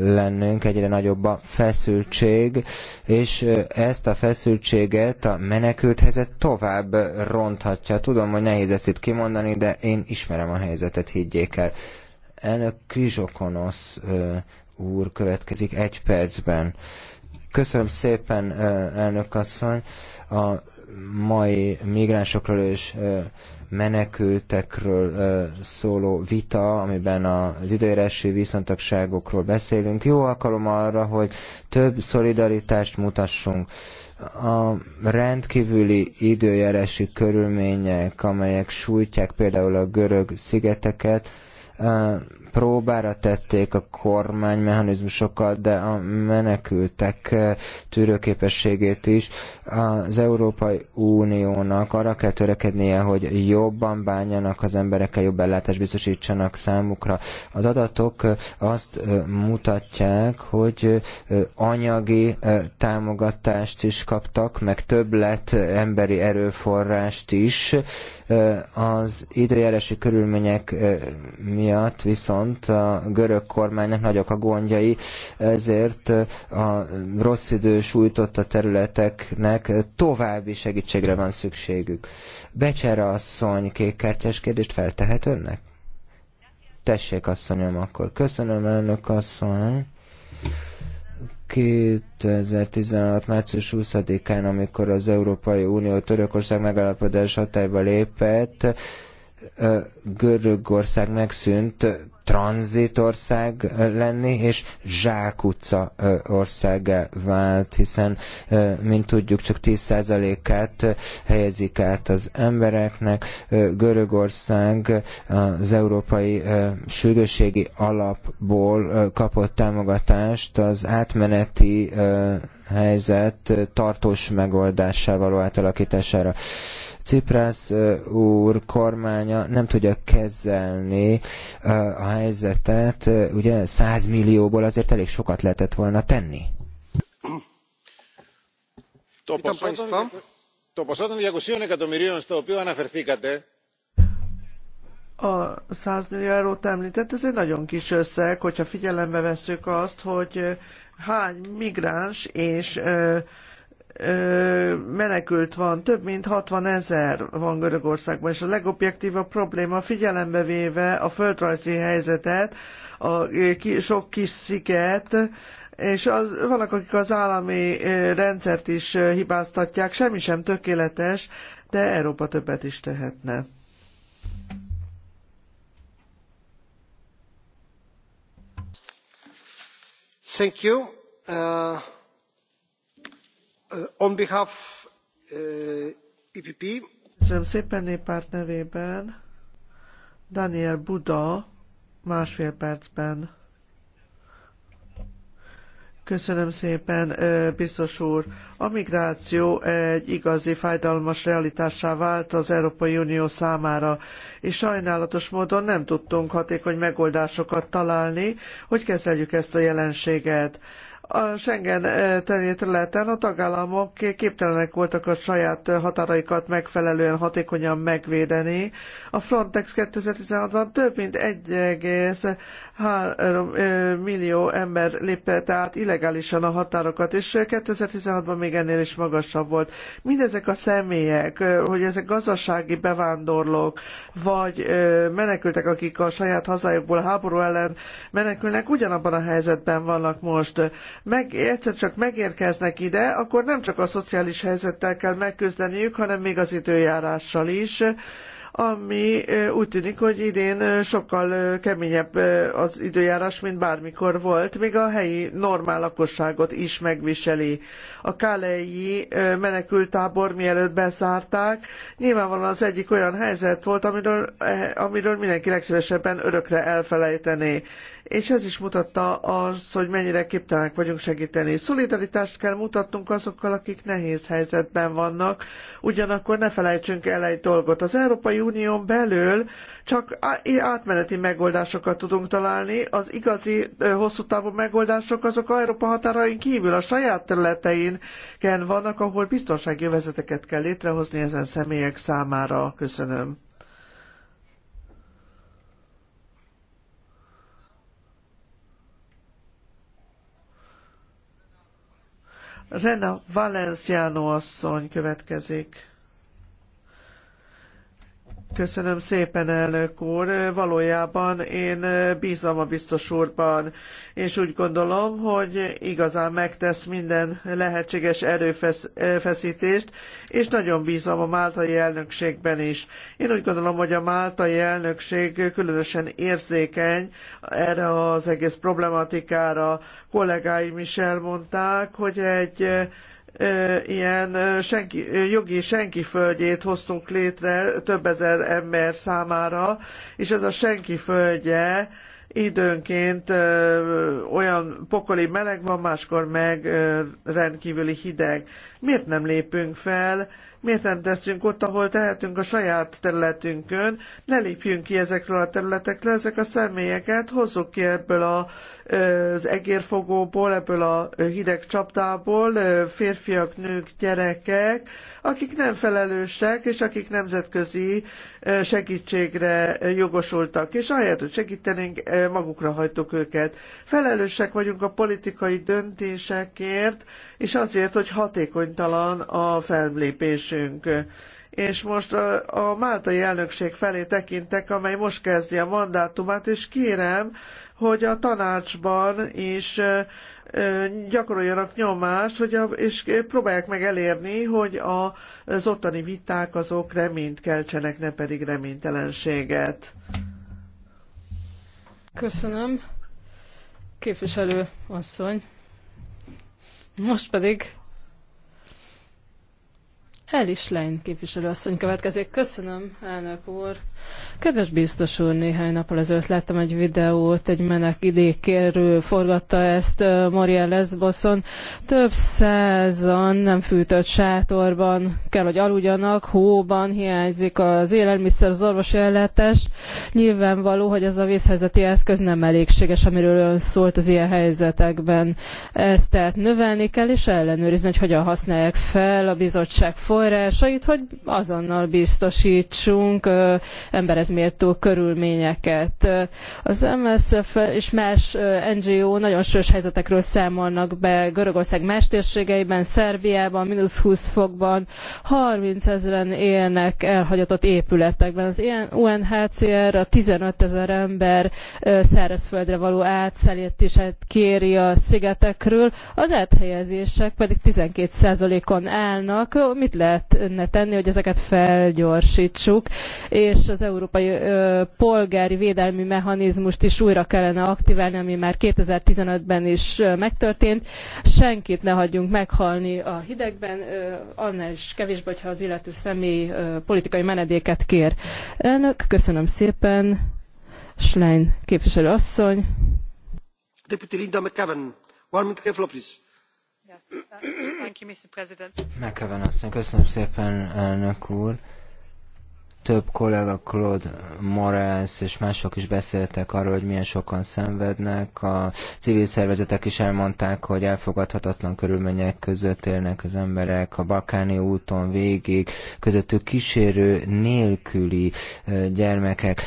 lennünk, egyre nagyobb a feszültség, és ezt a feszültséget a menekült helyzet tovább ronthatja. Tudom, hogy nehéz ezt itt kimondani, de én ismerem a helyzetet, higgyék el. Elnök Krizsokonosz úr következik egy percben. Köszönöm szépen, elnök asszony. A mai migránsokról és menekültekről szóló vita, amiben az időjárási viszontagságokról beszélünk. Jó alkalom arra, hogy több szolidaritást mutassunk a rendkívüli időjárási körülmények, amelyek sújtják például a görög szigeteket, próbára tették a kormány mechanizmusokat, de a menekültek eh, tűrőképességét is. Az Európai Uniónak arra kell törekednie, hogy jobban bánjanak az emberekkel, jobb ellátást biztosítsanak számukra. Az adatok eh, azt eh, mutatják, hogy anyagi támogatást is kaptak, meg többlet emberi erőforrást is. Az időjárási körülmények miatt viszont viszont a görög kormánynak nagyok a gondjai, ezért a rossz idő sújtotta területeknek további segítségre van szükségük. Becsere asszony kékkártyás kérdést feltehet önnek? Tessék asszonyom akkor. Köszönöm elnök asszony. 2016. március 20-án, amikor az Európai Unió Törökország megállapodás hatályba lépett, Görögország megszűnt tranzitország lenni, és zsákutca országá vált, hiszen, mint tudjuk, csak 10%-át helyezik át az embereknek. Görögország az európai sürgősségi alapból kapott támogatást az átmeneti helyzet tartós megoldásával való átalakítására. Ciprás úr kormánya nem tudja kezelni a helyzetet, ugye 100 millióból azért elég sokat lehetett volna tenni. a 100 millió eurót említett, ez egy nagyon kis összeg, hogyha figyelembe vesszük azt, hogy hány migráns és menekült van, több mint 60 ezer van Görögországban, és a legobjektívabb probléma figyelembe véve a földrajzi helyzetet, a sok kis sziget, és az, vannak, akik az állami rendszert is hibáztatják, semmi sem tökéletes, de Európa többet is tehetne. Thank you. Uh... Uh, uh, e Köszönöm szépen néppárt nevében. Daniel Buda másfél percben. Köszönöm szépen, uh, biztos úr. A migráció egy igazi fájdalmas realitássá vált az Európai Unió számára, és sajnálatos módon nem tudtunk hatékony megoldásokat találni, hogy kezeljük ezt a jelenséget a Schengen eh, területen a tagállamok képtelenek voltak a saját eh, határaikat megfelelően hatékonyan megvédeni. A Frontex 2016-ban több mint 1,3 eh, millió ember lépett át illegálisan a határokat, és 2016-ban még ennél is magasabb volt. Mindezek a személyek, hogy ezek gazdasági bevándorlók, vagy menekültek, akik a saját hazájukból háború ellen menekülnek, ugyanabban a helyzetben vannak most meg, egyszer csak megérkeznek ide, akkor nem csak a szociális helyzettel kell megküzdeniük, hanem még az időjárással is, ami úgy tűnik, hogy idén sokkal keményebb az időjárás, mint bármikor volt, még a helyi normál lakosságot is megviseli. A kálei menekültábor mielőtt bezárták, nyilvánvalóan az egyik olyan helyzet volt, amiről, eh, amiről mindenki legszívesebben örökre elfelejtené és ez is mutatta az, hogy mennyire képtelenek vagyunk segíteni. Szolidaritást kell mutatnunk azokkal, akik nehéz helyzetben vannak, ugyanakkor ne felejtsünk el egy dolgot. Az Európai Unión belül csak átmeneti megoldásokat tudunk találni, az igazi hosszú távú megoldások azok Európa határain kívül, a saját területeinken vannak, ahol biztonsági övezeteket kell létrehozni ezen személyek számára. Köszönöm. Rena Valenciano asszony következik. Köszönöm szépen, elnök úr. Valójában én bízom a biztos úrban, és úgy gondolom, hogy igazán megtesz minden lehetséges erőfeszítést, és nagyon bízom a máltai elnökségben is. Én úgy gondolom, hogy a máltai elnökség különösen érzékeny erre az egész problematikára. Kollégáim is elmondták, hogy egy ilyen senki, jogi senki földjét hoztunk létre több ezer ember számára, és ez a senki földje időnként olyan pokoli meleg van, máskor meg rendkívüli hideg. Miért nem lépünk fel? Miért nem teszünk ott, ahol tehetünk a saját területünkön, ne lépjünk ki ezekről a területekről, ezek a személyeket hozzuk ki ebből a, az egérfogóból, ebből a hideg csapdából, férfiak, nők, gyerekek, akik nem felelősek, és akik nemzetközi segítségre jogosultak, és ahelyett, hogy segítenénk, magukra hajtuk őket. Felelősek vagyunk a politikai döntésekért, és azért, hogy hatékonytalan a fellépés lépésünk. És most a, a máltai elnökség felé tekintek, amely most kezdi a mandátumát, és kérem, hogy a tanácsban is gyakoroljanak nyomást, hogy a, és próbálják meg elérni, hogy a, az ottani viták azok reményt keltsenek, ne pedig reménytelenséget. Köszönöm. Képviselő asszony. Most pedig el is Lein asszony következik. Köszönöm, elnök úr. Kedves biztos úr, néhány nappal ezelőtt láttam egy videót, egy menek idékéről forgatta ezt Maria Lesboson. Több százan nem fűtött sátorban kell, hogy aludjanak, hóban hiányzik az élelmiszer, az orvosi ellátás. Nyilvánvaló, hogy ez a vészhelyzeti eszköz nem elégséges, amiről ön szólt az ilyen helyzetekben. Ezt tehát növelni kell és ellenőrizni, hogy hogyan használják fel a bizottság for forrásait, hogy azonnal biztosítsunk emberhez méltó körülményeket. Az MSZF és más NGO nagyon sős helyzetekről számolnak be Görögország más térségeiben, Szerbiában, mínusz 20 fokban, 30 ezeren élnek elhagyatott épületekben. Az ilyen UNHCR a 15 ezer ember szárazföldre való átszelítését kéri a szigetekről, az áthelyezések pedig 12 százalékon állnak. Mit lehet lehetne tenni, hogy ezeket felgyorsítsuk, és az európai ö, polgári védelmi mechanizmust is újra kellene aktiválni, ami már 2015-ben is ö, megtörtént. Senkit ne hagyjunk meghalni a hidegben, ö, annál is kevésbé, hogyha az illető személy ö, politikai menedéket kér. Elnök, köszönöm szépen. Schlein képviselő asszony. Deputy Linda McCavan, one minute, please. Uh, Megkeven asszony, köszönöm szépen, elnök úr. Több kollega, Claude Morales és mások is beszéltek arról, hogy milyen sokan szenvednek. A civil szervezetek is elmondták, hogy elfogadhatatlan körülmények között élnek az emberek a Balkáni úton végig, közöttük kísérő nélküli gyermekek.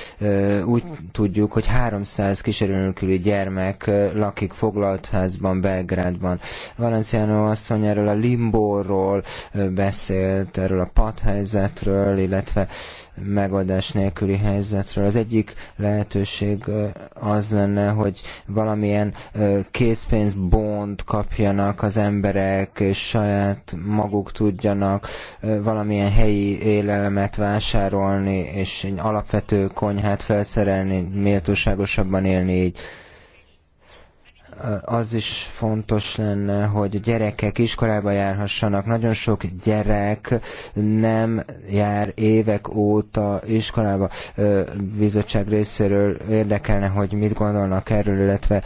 Úgy tudjuk, hogy 300 kísérő nélküli gyermek lakik foglaltházban, Belgrádban. Valenciano asszony erről a limbóról beszélt, erről a padhelyzetről, illetve megoldás nélküli helyzetről. Az egyik lehetőség az lenne, hogy valamilyen készpénzbont kapjanak az emberek, és saját maguk tudjanak valamilyen helyi élelmet vásárolni, és egy alapvető konyhát felszerelni, méltóságosabban élni így az is fontos lenne, hogy a gyerekek iskolába járhassanak. Nagyon sok gyerek nem jár évek óta iskolába. Bizottság részéről érdekelne, hogy mit gondolnak erről, illetve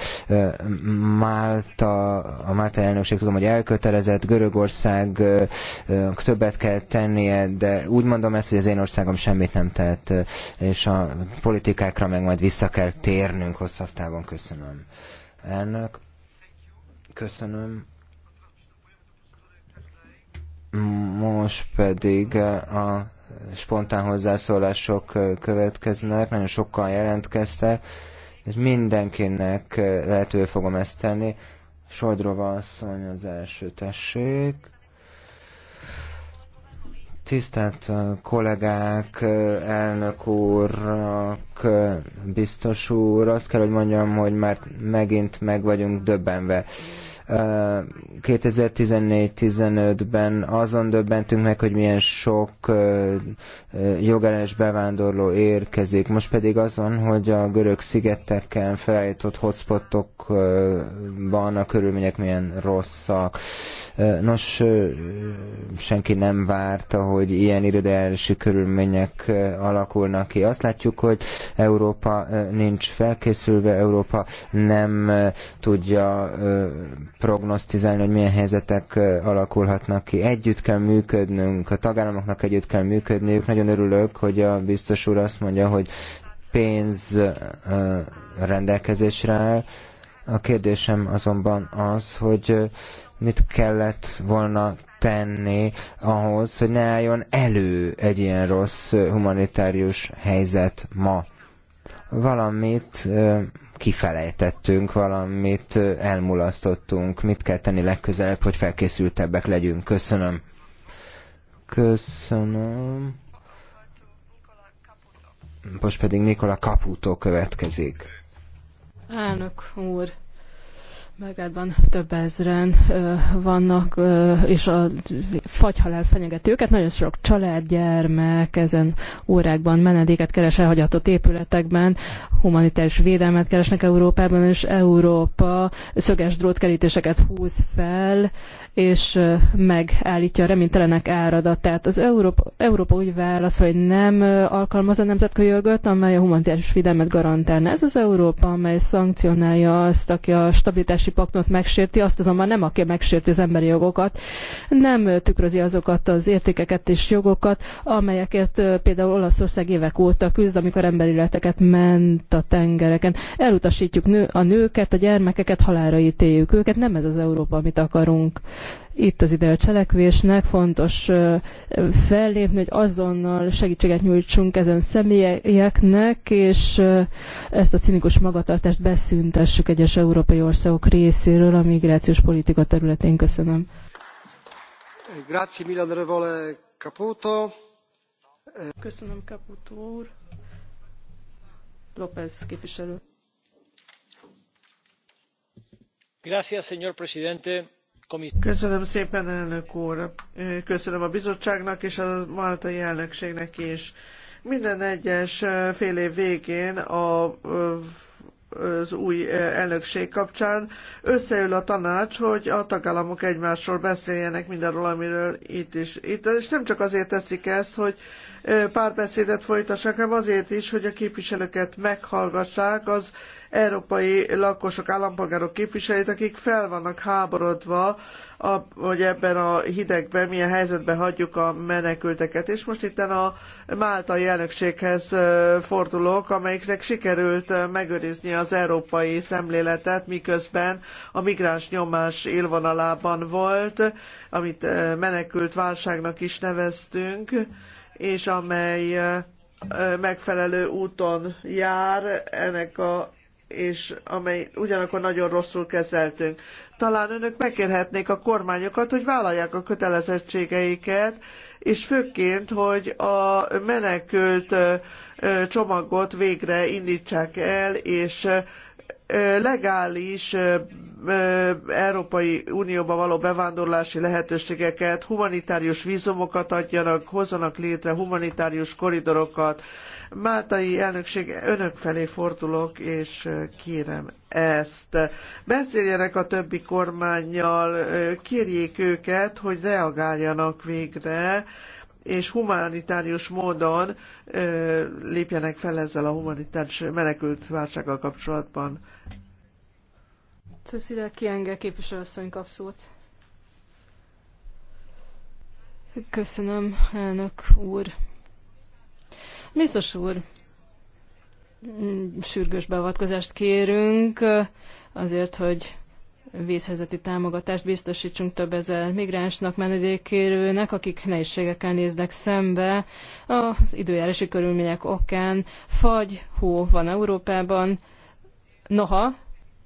Málta, a Málta elnökség tudom, hogy elkötelezett, Görögország többet kell tennie, de úgy mondom ezt, hogy az én országom semmit nem tett, és a politikákra meg majd vissza kell térnünk hosszabb távon. Köszönöm. Elnök, köszönöm. Most pedig eh, a spontán hozzászólások eh, következnek, nagyon sokan jelentkeztek, és mindenkinek eh, lehetővé fogom ezt tenni. Sojdrova asszony az első tessék. Tisztelt kollégák, elnök úrak, biztos úr, azt kell, hogy mondjam, hogy már megint meg vagyunk döbbenve. 2014-15-ben azon döbbentünk meg, hogy milyen sok jogellenes bevándorló érkezik. Most pedig azon, hogy a görög szigeteken felállított hotspotokban a körülmények milyen rosszak. Nos, senki nem várta, hogy ilyen irodási körülmények alakulnak ki. Azt látjuk, hogy Európa nincs felkészülve, Európa nem tudja prognosztizálni, hogy milyen helyzetek alakulhatnak ki. Együtt kell működnünk, a tagállamoknak együtt kell működniük. Nagyon örülök, hogy a biztos úr azt mondja, hogy pénz rendelkezésre áll. A kérdésem azonban az, hogy mit kellett volna tenni ahhoz, hogy ne álljon elő egy ilyen rossz humanitárius helyzet ma. Valamit kifelejtettünk, valamit elmulasztottunk, mit kell tenni legközelebb, hogy felkészültebbek legyünk. Köszönöm. Köszönöm. Most pedig Nikola Caputo következik. Elnök úr, Belgrádban több ezren vannak, és a fagyhalál fenyegeti őket. Nagyon sok család, gyermek ezen órákban menedéket keres elhagyatott épületekben, humanitárius védelmet keresnek Európában, és Európa szöges drótkerítéseket húz fel, és megállítja a reménytelenek áradatát. Az Európa, Európa úgy válasz, hogy nem alkalmaz a nemzetközi jogot, amely a humanitárius védelmet garantálna. Ez az Európa, amely szankcionálja azt, aki a stabilitási paktumot megsérti, azt azonban nem, aki megsérti az emberi jogokat, nem tükrözi azokat az értékeket és jogokat, amelyeket például Olaszország évek óta küzd, amikor emberi életeket ment a tengereken. Elutasítjuk nő, a nőket, a gyermekeket, halálra ítéljük őket, nem ez az Európa, amit akarunk. Itt az ide a cselekvésnek, fontos fellépni, hogy azonnal segítséget nyújtsunk ezen személyeknek, és ezt a cinikus magatartást beszüntessük egyes európai országok részéről a migrációs politika területén. Köszönöm. Grazie, Milan Caputo. Köszönöm, Caputo úr. López képviselő. Gracias, señor presidente Köszönöm szépen, elnök úr. Köszönöm a bizottságnak és a maltai elnökségnek is. Minden egyes fél év végén a az új elnökség kapcsán. Összeül a tanács, hogy a tagállamok egymásról beszéljenek mindenről, amiről itt is. Itt, és nem csak azért teszik ezt, hogy párbeszédet folytassanak, hanem azért is, hogy a képviselőket meghallgassák az európai lakosok, állampolgárok képviselőit, akik fel vannak háborodva, a, hogy ebben a hidegben milyen helyzetben hagyjuk a menekülteket. És most itt a Máltai elnökséghez fordulok, amelyiknek sikerült megőrizni az európai szemléletet, miközben a migráns nyomás élvonalában volt, amit menekült válságnak is neveztünk, és amely megfelelő úton jár ennek a és amely ugyanakkor nagyon rosszul kezeltünk. Talán önök megkérhetnék a kormányokat, hogy vállalják a kötelezettségeiket, és főként, hogy a menekült csomagot végre indítsák el, és legális Európai Unióba való bevándorlási lehetőségeket, humanitárius vízumokat adjanak, hozzanak létre humanitárius koridorokat. Máltai elnökség önök felé fordulok, és kérem ezt. Beszéljenek a többi kormányjal, kérjék őket, hogy reagáljanak végre, és humanitárius módon lépjenek fel ezzel a humanitárius menekült válsággal kapcsolatban. Cecilia Kienge képviselőasszony kap szót. Köszönöm, elnök úr. Biztos úr, sürgős beavatkozást kérünk azért, hogy vészhelyzeti támogatást biztosítsunk több ezer migránsnak, menedékkérőnek, akik nehézségekkel néznek szembe az időjárási körülmények okán. Fagy, hó van Európában. Noha,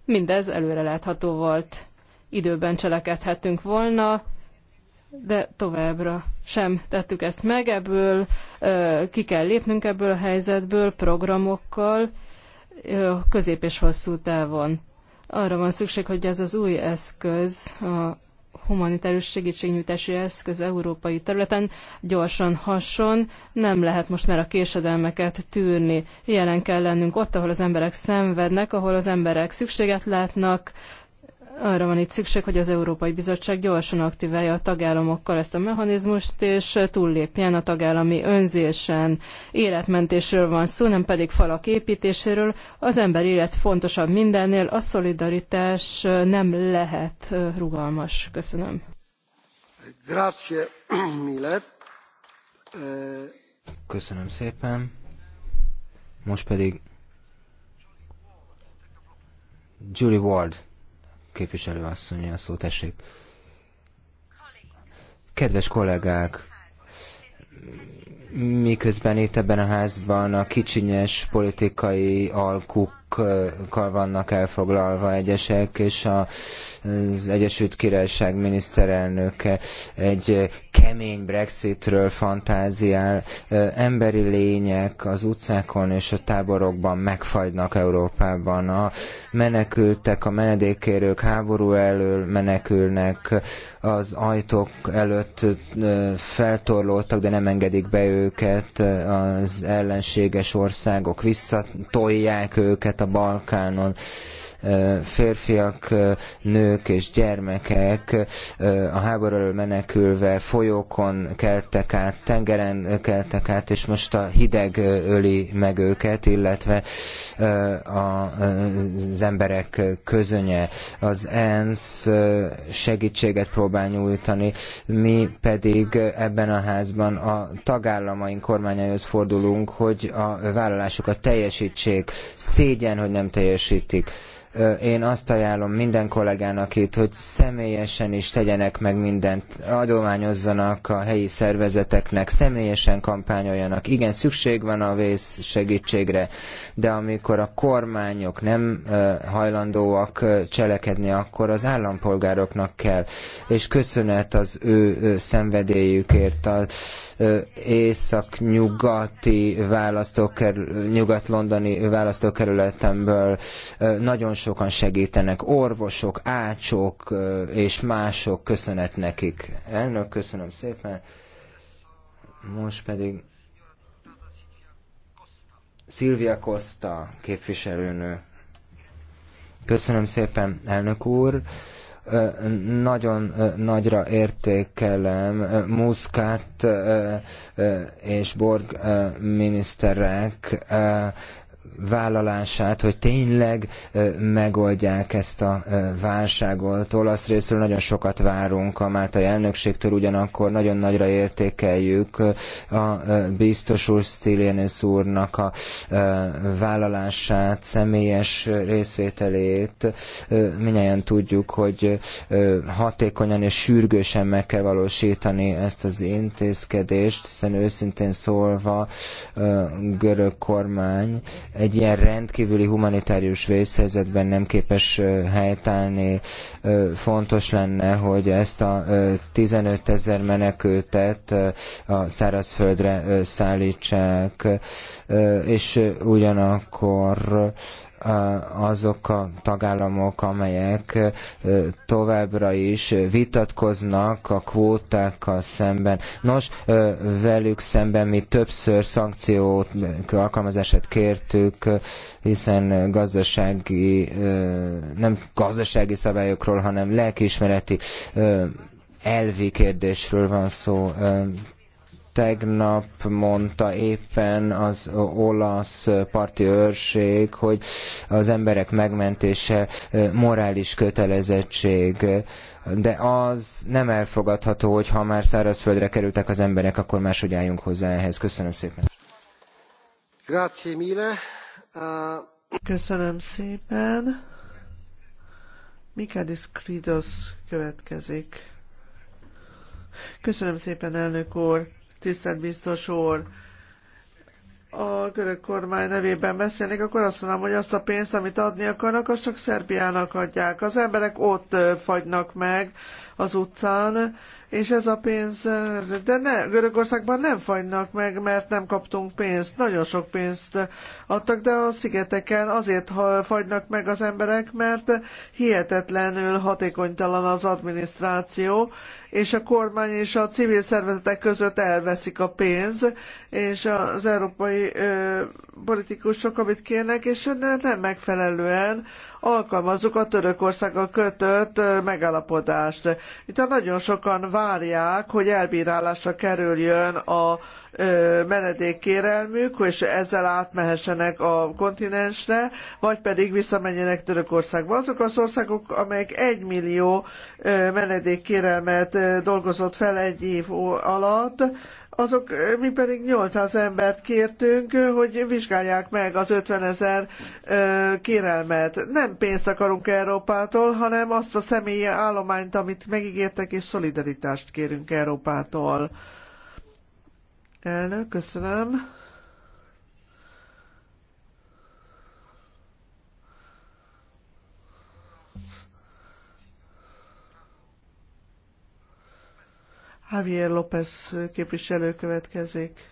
mindez előre látható volt. Időben cselekedhettünk volna, de továbbra sem tettük ezt meg, ebből ki kell lépnünk ebből a helyzetből programokkal közép és hosszú távon. Arra van szükség, hogy ez az új eszköz, a humanitárius segítségnyújtási eszköz európai területen gyorsan hasson, nem lehet most már a késedelmeket tűrni. Jelen kell lennünk ott, ahol az emberek szenvednek, ahol az emberek szükséget látnak, arra van itt szükség, hogy az Európai Bizottság gyorsan aktiválja a tagállamokkal ezt a mechanizmust, és túllépjen a tagállami önzésen. Életmentésről van szó, nem pedig falak építéséről. Az ember élet fontosabb mindennél, a szolidaritás nem lehet rugalmas. Köszönöm. Grazie, Mille. Köszönöm szépen. Most pedig Julie Ward képviselő asszony a szó, tessék. Kedves kollégák, miközben itt ebben a házban a kicsinyes politikai alkuk kal vannak elfoglalva egyesek, és az Egyesült Királyság miniszterelnöke egy kemény Brexitről fantáziál. Emberi lények az utcákon és a táborokban megfagynak Európában. A menekültek, a menedékérők háború elől menekülnek, az ajtók előtt feltorlódtak, de nem engedik be őket, az ellenséges országok visszatolják őket a Balkánon. Férfiak, nők és gyermekek a háború menekülve folyókon keltek át, tengeren keltek át, és most a hideg öli meg őket, illetve az emberek közönye. Az ENSZ segítséget próbál nyújtani, mi pedig ebben a házban a tagállamaink kormányaihoz fordulunk, hogy a vállalásokat teljesítsék. Szégyen, hogy nem teljesítik. Én azt ajánlom minden kollégának itt, hogy személyesen is tegyenek meg mindent, adományozzanak a helyi szervezeteknek, személyesen kampányoljanak. Igen, szükség van a vész segítségre, de amikor a kormányok nem hajlandóak cselekedni, akkor az állampolgároknak kell. És köszönet az ő szenvedélyükért. A, észak-nyugati választókerül, nyugat-londoni választókerületemből nagyon sokan segítenek, orvosok, ácsok és mások, köszönet nekik. Elnök, köszönöm szépen. Most pedig Szilvia Costa képviselőnő. Köszönöm szépen, elnök úr. Nagyon nagyra értékelem Muszkát és Borg miniszterek vállalását, hogy tényleg megoldják ezt a válságot. Olasz részről nagyon sokat várunk a Máltai elnökségtől, ugyanakkor nagyon nagyra értékeljük a biztos úr Stilénész úrnak a vállalását, személyes részvételét. Minnyáján tudjuk, hogy hatékonyan és sürgősen meg kell valósítani ezt az intézkedést, hiszen őszintén szólva görög kormány egy ilyen rendkívüli humanitárius vészhelyzetben nem képes helytállni. Fontos lenne, hogy ezt a 15 ezer menekültet a szárazföldre szállítsák, és ugyanakkor azok a tagállamok, amelyek továbbra is vitatkoznak a kvótákkal szemben. Nos, velük szemben mi többször szankciót alkalmazását kértük, hiszen gazdasági, nem gazdasági szabályokról, hanem lelkiismereti elvi kérdésről van szó. Tegnap mondta éppen az olasz parti őrség, hogy az emberek megmentése morális kötelezettség, de az nem elfogadható, hogy ha már szárazföldre kerültek az emberek, akkor máshogy álljunk hozzá ehhez. Köszönöm szépen. Grazie mille. Köszönöm szépen. Mikadis Kridos következik. Köszönöm szépen, elnök úr tisztelt biztos úr! a görög kormány nevében beszélnék, akkor azt mondom, hogy azt a pénzt, amit adni akarnak, azt csak Szerbiának adják. Az emberek ott fagynak meg az utcán, és ez a pénz, de ne, Görögországban nem fagynak meg, mert nem kaptunk pénzt, nagyon sok pénzt adtak, de a szigeteken azért fagynak meg az emberek, mert hihetetlenül hatékonytalan az adminisztráció, és a kormány és a civil szervezetek között elveszik a pénz, és az európai ö, politikusok, amit kérnek, és nem megfelelően alkalmazzuk a Törökországgal kötött megállapodást. Itt nagyon sokan várják, hogy elbírálásra kerüljön a menedékkérelmük, és ezzel átmehessenek a kontinensre, vagy pedig visszamenjenek Törökországba. Azok az országok, amelyek 1 millió menedékkérelmet dolgozott fel egy év alatt, azok, mi pedig 800 embert kértünk, hogy vizsgálják meg az 50 ezer kérelmet. Nem pénzt akarunk Európától, hanem azt a személyi állományt, amit megígértek, és szolidaritást kérünk Európától. Elnök, köszönöm. Javier López képviselő következik.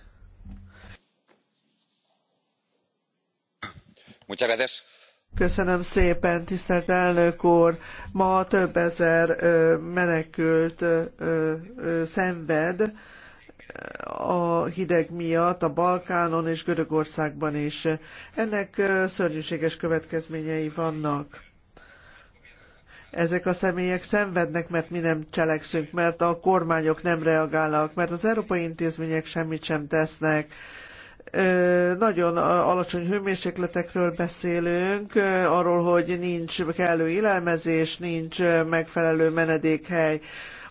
Köszönöm szépen, tisztelt elnök úr! Ma több ezer menekült szenved a hideg miatt a Balkánon és Görögországban is. Ennek szörnyűséges következményei vannak ezek a személyek szenvednek, mert mi nem cselekszünk, mert a kormányok nem reagálnak, mert az európai intézmények semmit sem tesznek nagyon alacsony hőmérsékletekről beszélünk, arról, hogy nincs kellő élelmezés, nincs megfelelő menedékhely.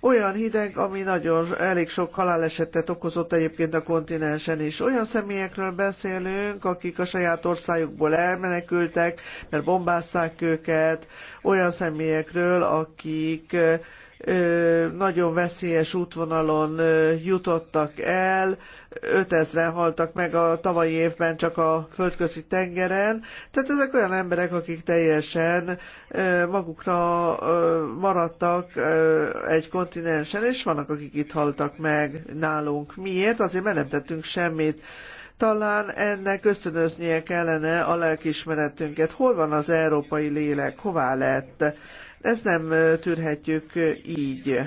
Olyan hideg, ami nagyon elég sok halálesetet okozott egyébként a kontinensen is. Olyan személyekről beszélünk, akik a saját országukból elmenekültek, mert bombázták őket, olyan személyekről, akik nagyon veszélyes útvonalon jutottak el, 5000-en haltak meg a tavalyi évben csak a földközi tengeren. Tehát ezek olyan emberek, akik teljesen magukra maradtak egy kontinensen, és vannak, akik itt haltak meg nálunk. Miért? Azért, mert nem tettünk semmit talán ennek ösztönöznie kellene a lelkiismeretünket. Hol van az európai lélek? Hová lett? Ezt nem tűrhetjük így.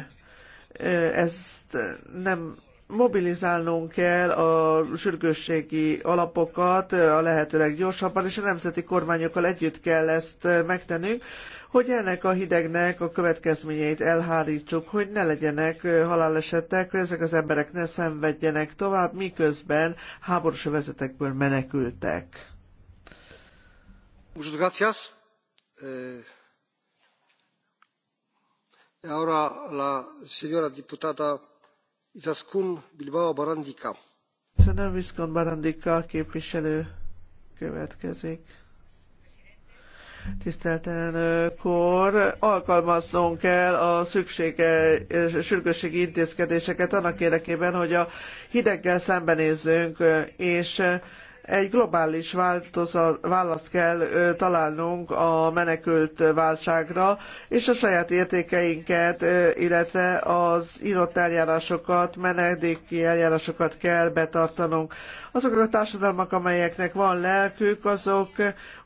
Ezt nem mobilizálnunk kell a sürgősségi alapokat a lehetőleg gyorsabban, és a nemzeti kormányokkal együtt kell ezt megtennünk, hogy ennek a hidegnek a következményeit elhárítsuk, hogy ne legyenek halálesetek, hogy ezek az emberek ne szenvedjenek tovább, miközben háborús vezetekből menekültek. Muchas gracias. Eh, E képviselő következik. Tisztelt elnök úr, alkalmaznunk kell a sürgősségi intézkedéseket annak érdekében, hogy a hideggel szembenézzünk, és egy globális változat, választ kell találnunk a menekült válságra, és a saját értékeinket, illetve az írott eljárásokat, menedéki eljárásokat kell betartanunk. Azok a társadalmak, amelyeknek van lelkük, azok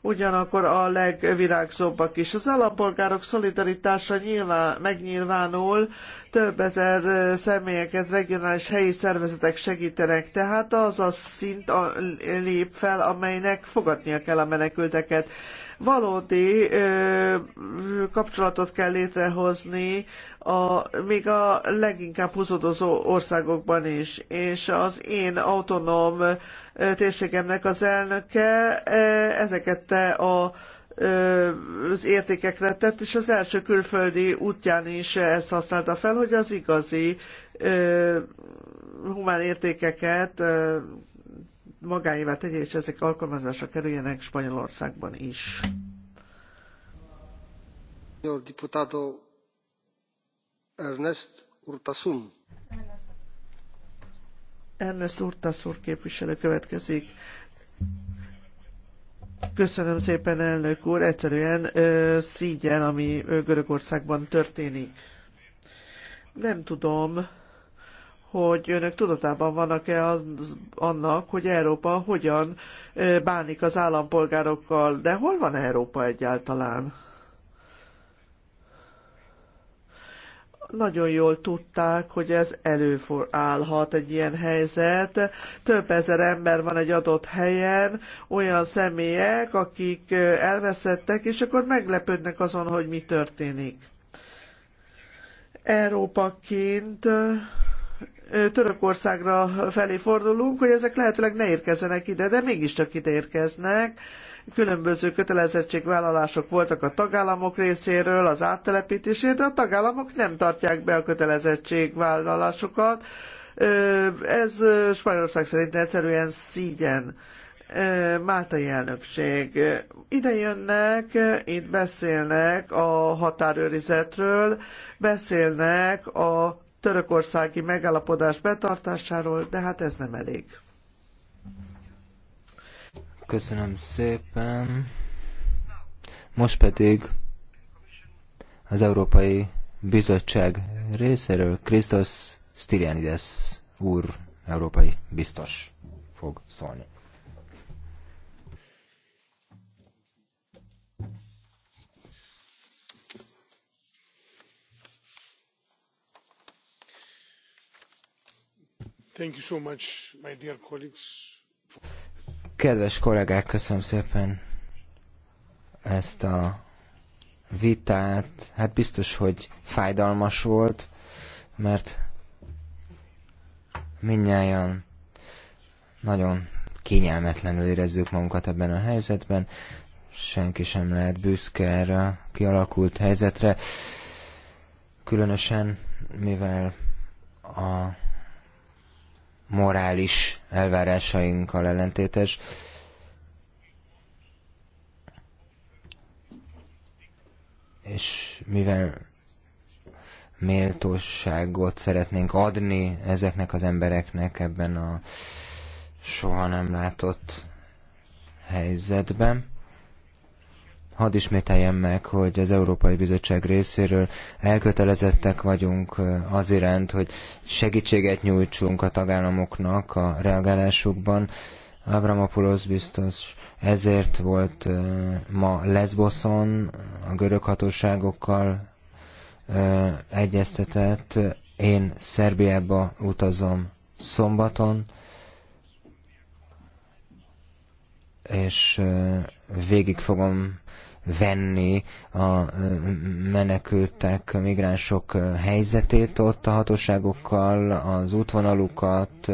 ugyanakkor a legvirágzóbbak is. Az állampolgárok szolidaritása nyilván, megnyilvánul, több ezer személyeket regionális helyi szervezetek segítenek, tehát az a szint lép fel, amelynek fogadnia kell a menekülteket. Valódi kapcsolatot kell létrehozni a, még a leginkább húzódozó országokban is. És az én autonóm térségemnek az elnöke ezeket te a az értékekre tett, és az első külföldi útján is ezt használta fel, hogy az igazi humán értékeket magáévá tegye, és ezek alkalmazásra kerüljenek Spanyolországban is. Diputado Ernest Urtasun. Ernest Urtasun képviselő következik. Köszönöm szépen, elnök úr. Egyszerűen ö, szígyen, ami Görögországban történik. Nem tudom, hogy önök tudatában vannak-e az, annak, hogy Európa hogyan bánik az állampolgárokkal, de hol van Európa egyáltalán? nagyon jól tudták, hogy ez előállhat egy ilyen helyzet. Több ezer ember van egy adott helyen, olyan személyek, akik elveszettek, és akkor meglepődnek azon, hogy mi történik. Európaként Törökországra felé fordulunk, hogy ezek lehetőleg ne érkezzenek ide, de mégiscsak ide érkeznek. Különböző kötelezettségvállalások voltak a tagállamok részéről az áttelepítésért, de a tagállamok nem tartják be a kötelezettségvállalásokat. Ez Spanyolország szerint egyszerűen szígyen. Máltai elnökség. Ide jönnek, itt beszélnek a határőrizetről, beszélnek a törökországi megállapodás betartásáról, de hát ez nem elég. Köszönöm szépen. Most pedig az Európai Bizottság részéről Krisztus Stylianides úr, európai biztos fog szólni. Kedves kollégák, köszönöm szépen ezt a vitát. Hát biztos, hogy fájdalmas volt, mert minnyáján nagyon kényelmetlenül érezzük magunkat ebben a helyzetben. Senki sem lehet büszke erre a kialakult helyzetre. Különösen, mivel a morális elvárásainkkal ellentétes. És mivel méltóságot szeretnénk adni ezeknek az embereknek ebben a soha nem látott helyzetben, Hadd ismételjem meg, hogy az Európai Bizottság részéről elkötelezettek vagyunk az iránt, hogy segítséget nyújtsunk a tagállamoknak a reagálásukban. Abramopoulos biztos ezért volt ma Lesboson a görög hatóságokkal egyeztetett. Én Szerbiába utazom szombaton, és végig fogom venni a menekültek, a migránsok helyzetét ott a hatóságokkal, az útvonalukat,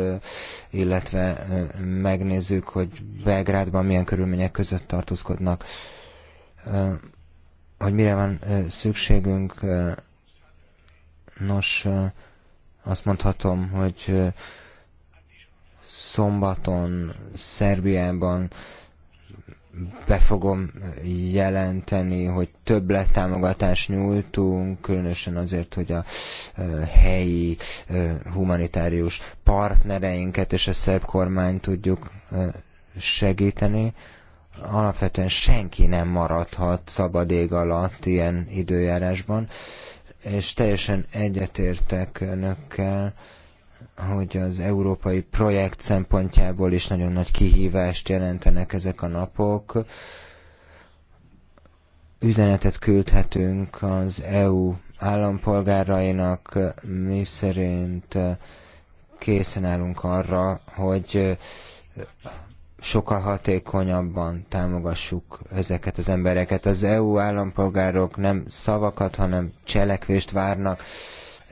illetve megnézzük, hogy Belgrádban milyen körülmények között tartózkodnak, hogy mire van szükségünk. Nos, azt mondhatom, hogy szombaton Szerbiában be fogom jelenteni, hogy több támogatást nyújtunk, különösen azért, hogy a helyi humanitárius partnereinket és a szerb kormányt tudjuk segíteni. Alapvetően senki nem maradhat szabad ég alatt ilyen időjárásban, és teljesen egyetértek önökkel, hogy az európai projekt szempontjából is nagyon nagy kihívást jelentenek ezek a napok. Üzenetet küldhetünk az EU állampolgárainak, mi szerint eh, készen állunk arra, hogy eh, sokkal hatékonyabban támogassuk ezeket az embereket. Az EU állampolgárok nem szavakat, hanem cselekvést várnak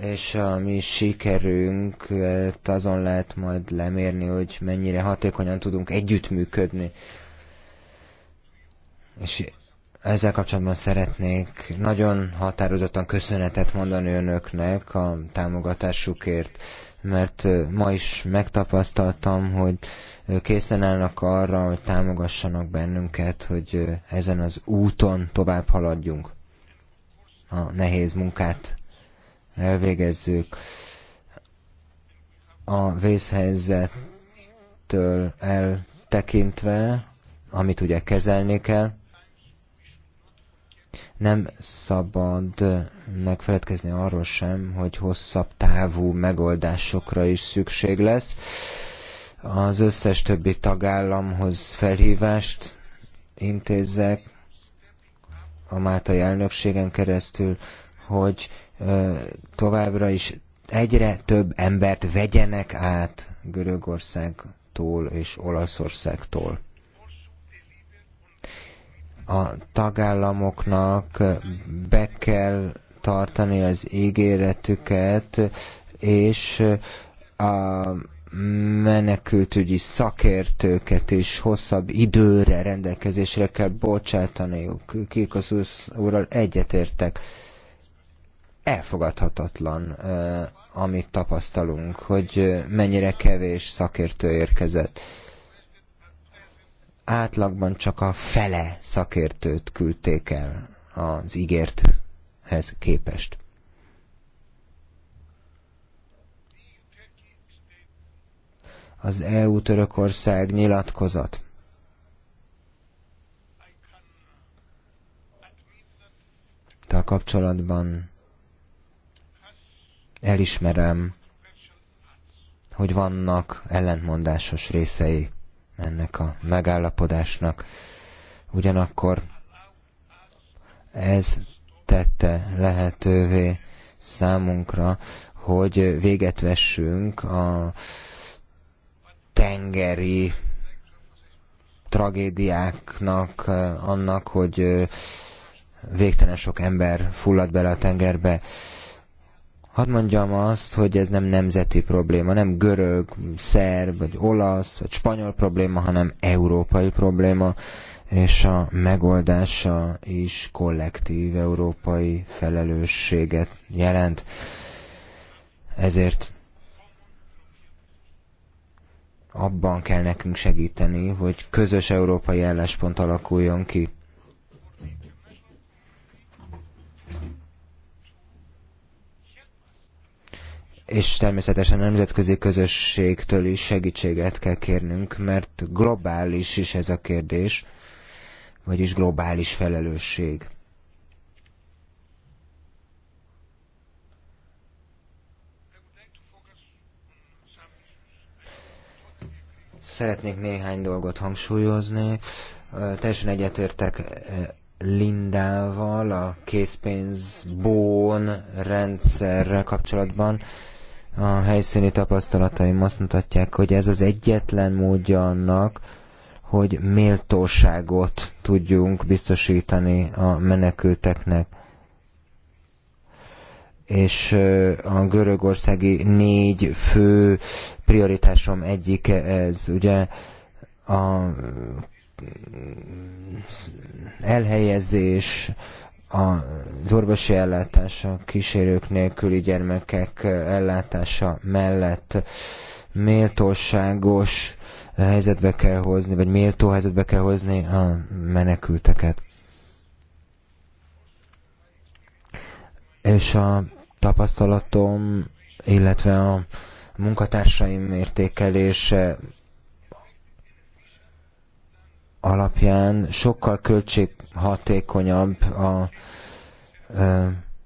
és a mi sikerünk hát azon lehet majd lemérni, hogy mennyire hatékonyan tudunk együttműködni. És ezzel kapcsolatban szeretnék nagyon határozottan köszönetet mondani önöknek a támogatásukért, mert ma is megtapasztaltam, hogy készen állnak arra, hogy támogassanak bennünket, hogy ezen az úton tovább haladjunk a nehéz munkát elvégezzük. A vészhelyzettől eltekintve, amit ugye kezelni kell, nem szabad megfeledkezni arról sem, hogy hosszabb távú megoldásokra is szükség lesz. Az összes többi tagállamhoz felhívást intézzek a Mátai elnökségen keresztül, hogy továbbra is egyre több embert vegyenek át Görögországtól és Olaszországtól. A tagállamoknak be kell tartani az ígéretüket, és a menekültügyi szakértőket is hosszabb időre rendelkezésre kell bocsátaniuk. Kirkosz úrral egyetértek elfogadhatatlan, eh, amit tapasztalunk, hogy eh, mennyire kevés szakértő érkezett. Átlagban csak a fele szakértőt küldték el az ígérthez képest. Az EU-Törökország nyilatkozat. kapcsolatban elismerem, hogy vannak ellentmondásos részei ennek a megállapodásnak. Ugyanakkor ez tette lehetővé számunkra, hogy véget vessünk a tengeri tragédiáknak, annak, hogy végtelen sok ember fullad bele a tengerbe. Hadd mondjam azt, hogy ez nem nemzeti probléma, nem görög, szerb, vagy olasz, vagy spanyol probléma, hanem európai probléma, és a megoldása is kollektív európai felelősséget jelent. Ezért abban kell nekünk segíteni, hogy közös európai álláspont alakuljon ki. és természetesen a nemzetközi közösségtől is segítséget kell kérnünk, mert globális is ez a kérdés, vagyis globális felelősség. Szeretnék néhány dolgot hangsúlyozni. Teljesen egyetértek Lindával a készpénzbón rendszerrel kapcsolatban. A helyszíni tapasztalataim azt mutatják, hogy ez az egyetlen módja annak, hogy méltóságot tudjunk biztosítani a menekülteknek. És a görögországi négy fő prioritásom egyike ez. Ugye a elhelyezés, az orvosi ellátása, kísérők nélküli gyermekek ellátása mellett méltóságos helyzetbe kell hozni, vagy méltó helyzetbe kell hozni a menekülteket. És a tapasztalatom, illetve a munkatársaim értékelése alapján sokkal költség hatékonyabb a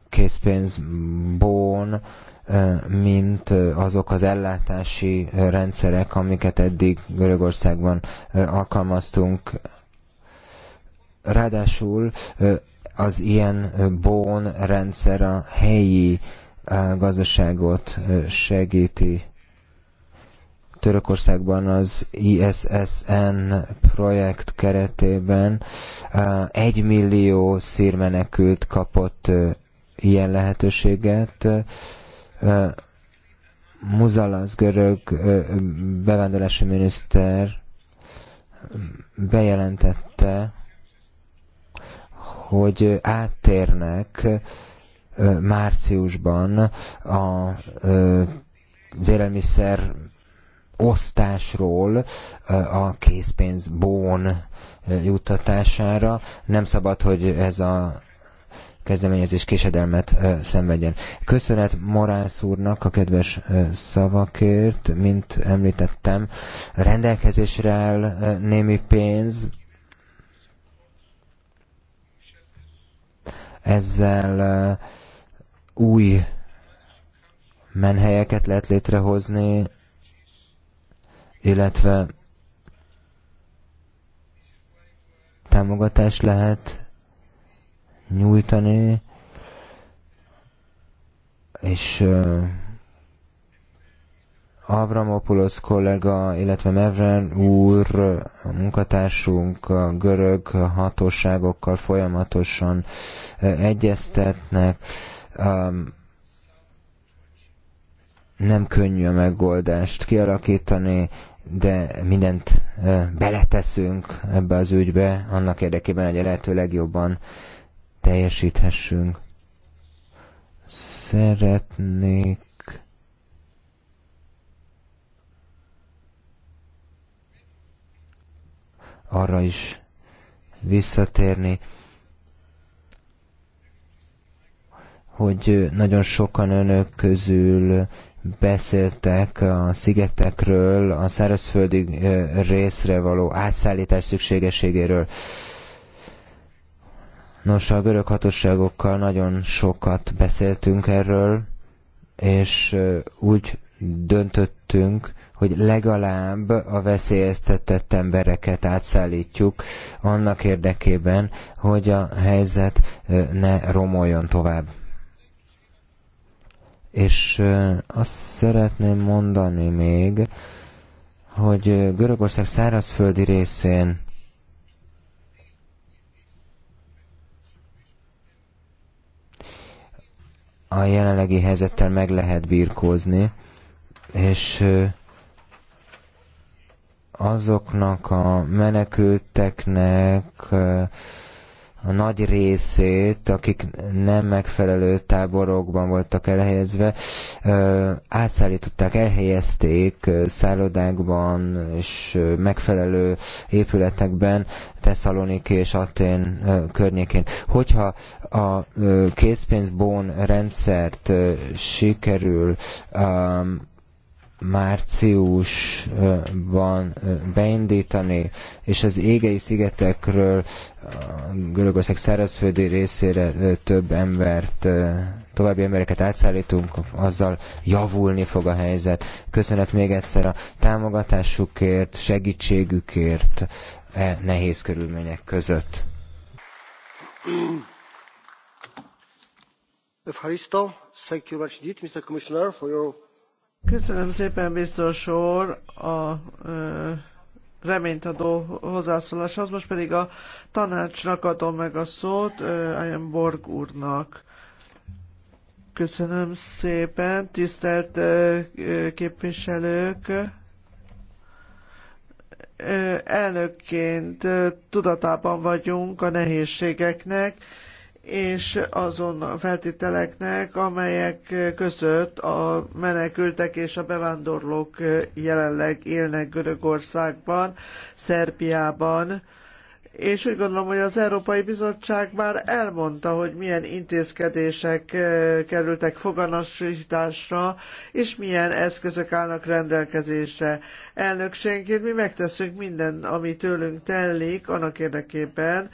készpénzbón, mint azok az ellátási rendszerek, amiket eddig Görögországban alkalmaztunk. Ráadásul az ilyen bón rendszer a helyi gazdaságot segíti Törökországban az ISSN projekt keretében egy millió szírmenekült kapott ilyen lehetőséget. Muzalasz görög bevándorlási miniszter bejelentette, hogy áttérnek márciusban a, az élelmiszer osztásról a készpénz bón juttatására. Nem szabad, hogy ez a kezdeményezés késedelmet szenvedjen. Köszönet Morász úrnak a kedves szavakért, mint említettem, rendelkezésre áll némi pénz, ezzel új menhelyeket lehet létrehozni, illetve támogatást lehet nyújtani, és uh, Avramopoulos kollega, illetve Mevren úr, a munkatársunk a görög hatóságokkal folyamatosan uh, egyeztetnek. Um, nem könnyű a megoldást kialakítani, de mindent beleteszünk ebbe az ügybe, annak érdekében, hogy a lehető legjobban teljesíthessünk. Szeretnék arra is visszatérni, hogy nagyon sokan önök közül beszéltek a szigetekről, a szárazföldi részre való átszállítás szükségességéről. Nos, a görög hatóságokkal nagyon sokat beszéltünk erről, és úgy döntöttünk, hogy legalább a veszélyeztetett embereket átszállítjuk annak érdekében, hogy a helyzet ne romoljon tovább. És azt szeretném mondani még, hogy Görögország szárazföldi részén a jelenlegi helyzettel meg lehet birkózni, és azoknak a menekülteknek, a nagy részét, akik nem megfelelő táborokban voltak elhelyezve, átszállították, elhelyezték szállodákban és megfelelő épületekben, Tesszaloniki és Atén környékén. Hogyha a készpénzbón rendszert sikerül márciusban beindítani, és az égei szigetekről Görögország szárazföldi részére több embert, további embereket átszállítunk, azzal javulni fog a helyzet. Köszönet még egyszer a támogatásukért, segítségükért e nehéz körülmények között. Thank you much indeed, Mr. Commissioner, for your Köszönöm szépen, biztos úr, a ö, reményt adó hozzászóláshoz. Most pedig a tanácsnak adom meg a szót, Ian Borg úrnak. Köszönöm szépen, tisztelt ö, képviselők! Elnökként tudatában vagyunk a nehézségeknek, és azon feltételeknek, amelyek között a menekültek és a bevándorlók jelenleg élnek Görögországban, Szerbiában, és úgy gondolom, hogy az Európai Bizottság már elmondta, hogy milyen intézkedések eh, kerültek foganasításra, és milyen eszközök állnak rendelkezésre. Elnökségként mi megteszünk minden, ami tőlünk telik, annak érdekében,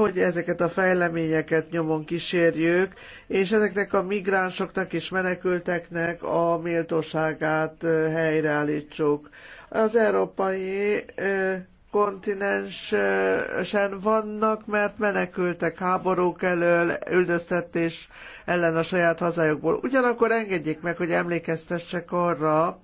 hogy ezeket a fejleményeket nyomon kísérjük, és ezeknek a migránsoknak és menekülteknek a méltóságát helyreállítsuk. Az európai kontinensen vannak, mert menekültek háborúk elől, üldöztetés ellen a saját hazájukból. Ugyanakkor engedjék meg, hogy emlékeztessek arra,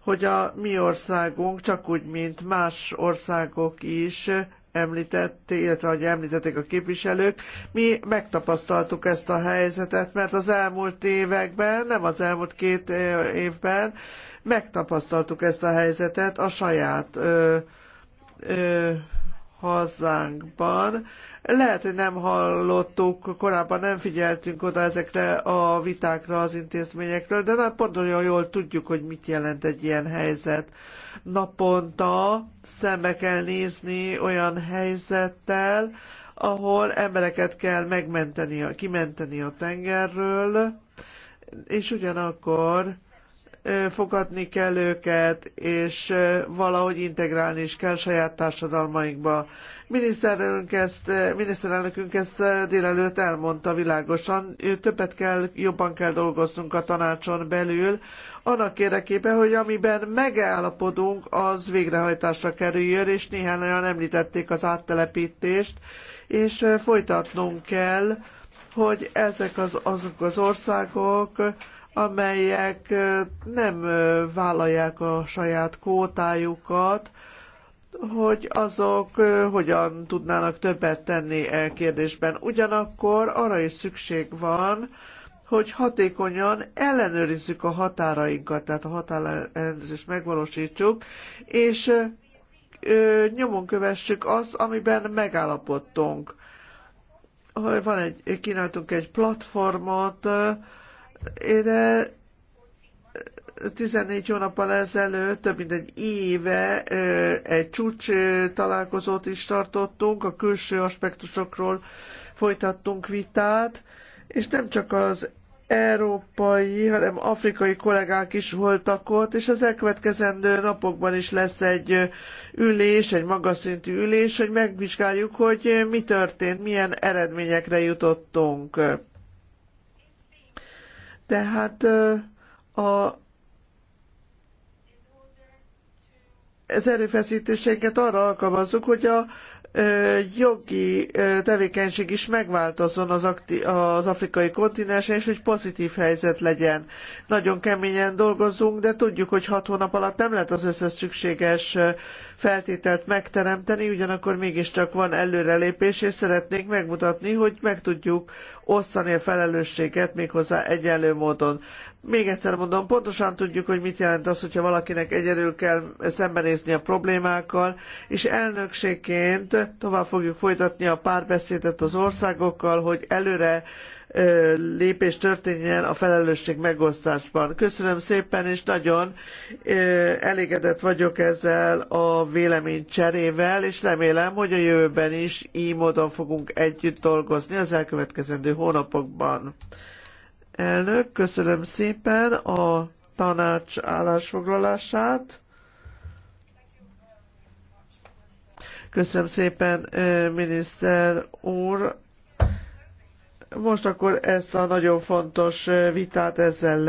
hogy a mi országunk, csak úgy, mint más országok is, említette, illetve hogy említették a képviselők, mi megtapasztaltuk ezt a helyzetet, mert az elmúlt években, nem az elmúlt két évben, megtapasztaltuk ezt a helyzetet a saját ö, ö, hazánkban. Lehet, hogy nem hallottuk, korábban nem figyeltünk oda ezekre a vitákra az intézményekről, de nem pont olyan jól tudjuk, hogy mit jelent egy ilyen helyzet. Naponta szembe kell nézni olyan helyzettel, ahol embereket kell megmenteni, kimenteni a tengerről, és ugyanakkor fogadni kell őket, és valahogy integrálni is kell saját társadalmainkba. Miniszterelnökünk ezt, miniszterelnökünk ezt délelőtt elmondta világosan, többet kell, jobban kell dolgoznunk a tanácson belül, annak érdekében, hogy amiben megállapodunk, az végrehajtásra kerüljön, és néhány olyan említették az áttelepítést, és folytatnunk kell, hogy ezek az, azok az országok, amelyek nem vállalják a saját kvótájukat, hogy azok hogyan tudnának többet tenni e kérdésben. Ugyanakkor arra is szükség van, hogy hatékonyan ellenőrizzük a határainkat, tehát a határellenőrzést megvalósítsuk, és nyomon kövessük azt, amiben megállapodtunk. Van egy, kínáltunk egy platformot, én 14 eh, hónappal ezelőtt, több mint egy éve eh, egy csúcs eh, találkozót is tartottunk, a külső aspektusokról folytattunk vitát, és nem csak az európai, hanem afrikai kollégák is voltak ott, és az elkövetkezendő napokban is lesz egy ülés, egy magas szintű ülés, hogy megvizsgáljuk, hogy mi történt, milyen eredményekre jutottunk. Tehát a az erőfeszítéseinket arra alkalmazzuk, hogy a jogi tevékenység is megváltozzon az, az afrikai kontinensen, és hogy pozitív helyzet legyen. Nagyon keményen dolgozunk, de tudjuk, hogy hat hónap alatt nem lehet az összes szükséges feltételt megteremteni, ugyanakkor mégiscsak van előrelépés, és szeretnénk megmutatni, hogy meg tudjuk osztani a felelősséget méghozzá egyenlő módon. Még egyszer mondom, pontosan tudjuk, hogy mit jelent az, hogyha valakinek egyedül kell szembenézni a problémákkal, és elnökségként tovább fogjuk folytatni a párbeszédet az országokkal, hogy előre lépés történjen a felelősség megosztásban. Köszönöm szépen, és nagyon elégedett vagyok ezzel a véleménycserével, és remélem, hogy a jövőben is így módon fogunk együtt dolgozni az elkövetkezendő hónapokban. Elnök, köszönöm szépen a tanács állásfoglalását. Köszönöm szépen, miniszter úr. Most akkor ezt a nagyon fontos vitát ezzel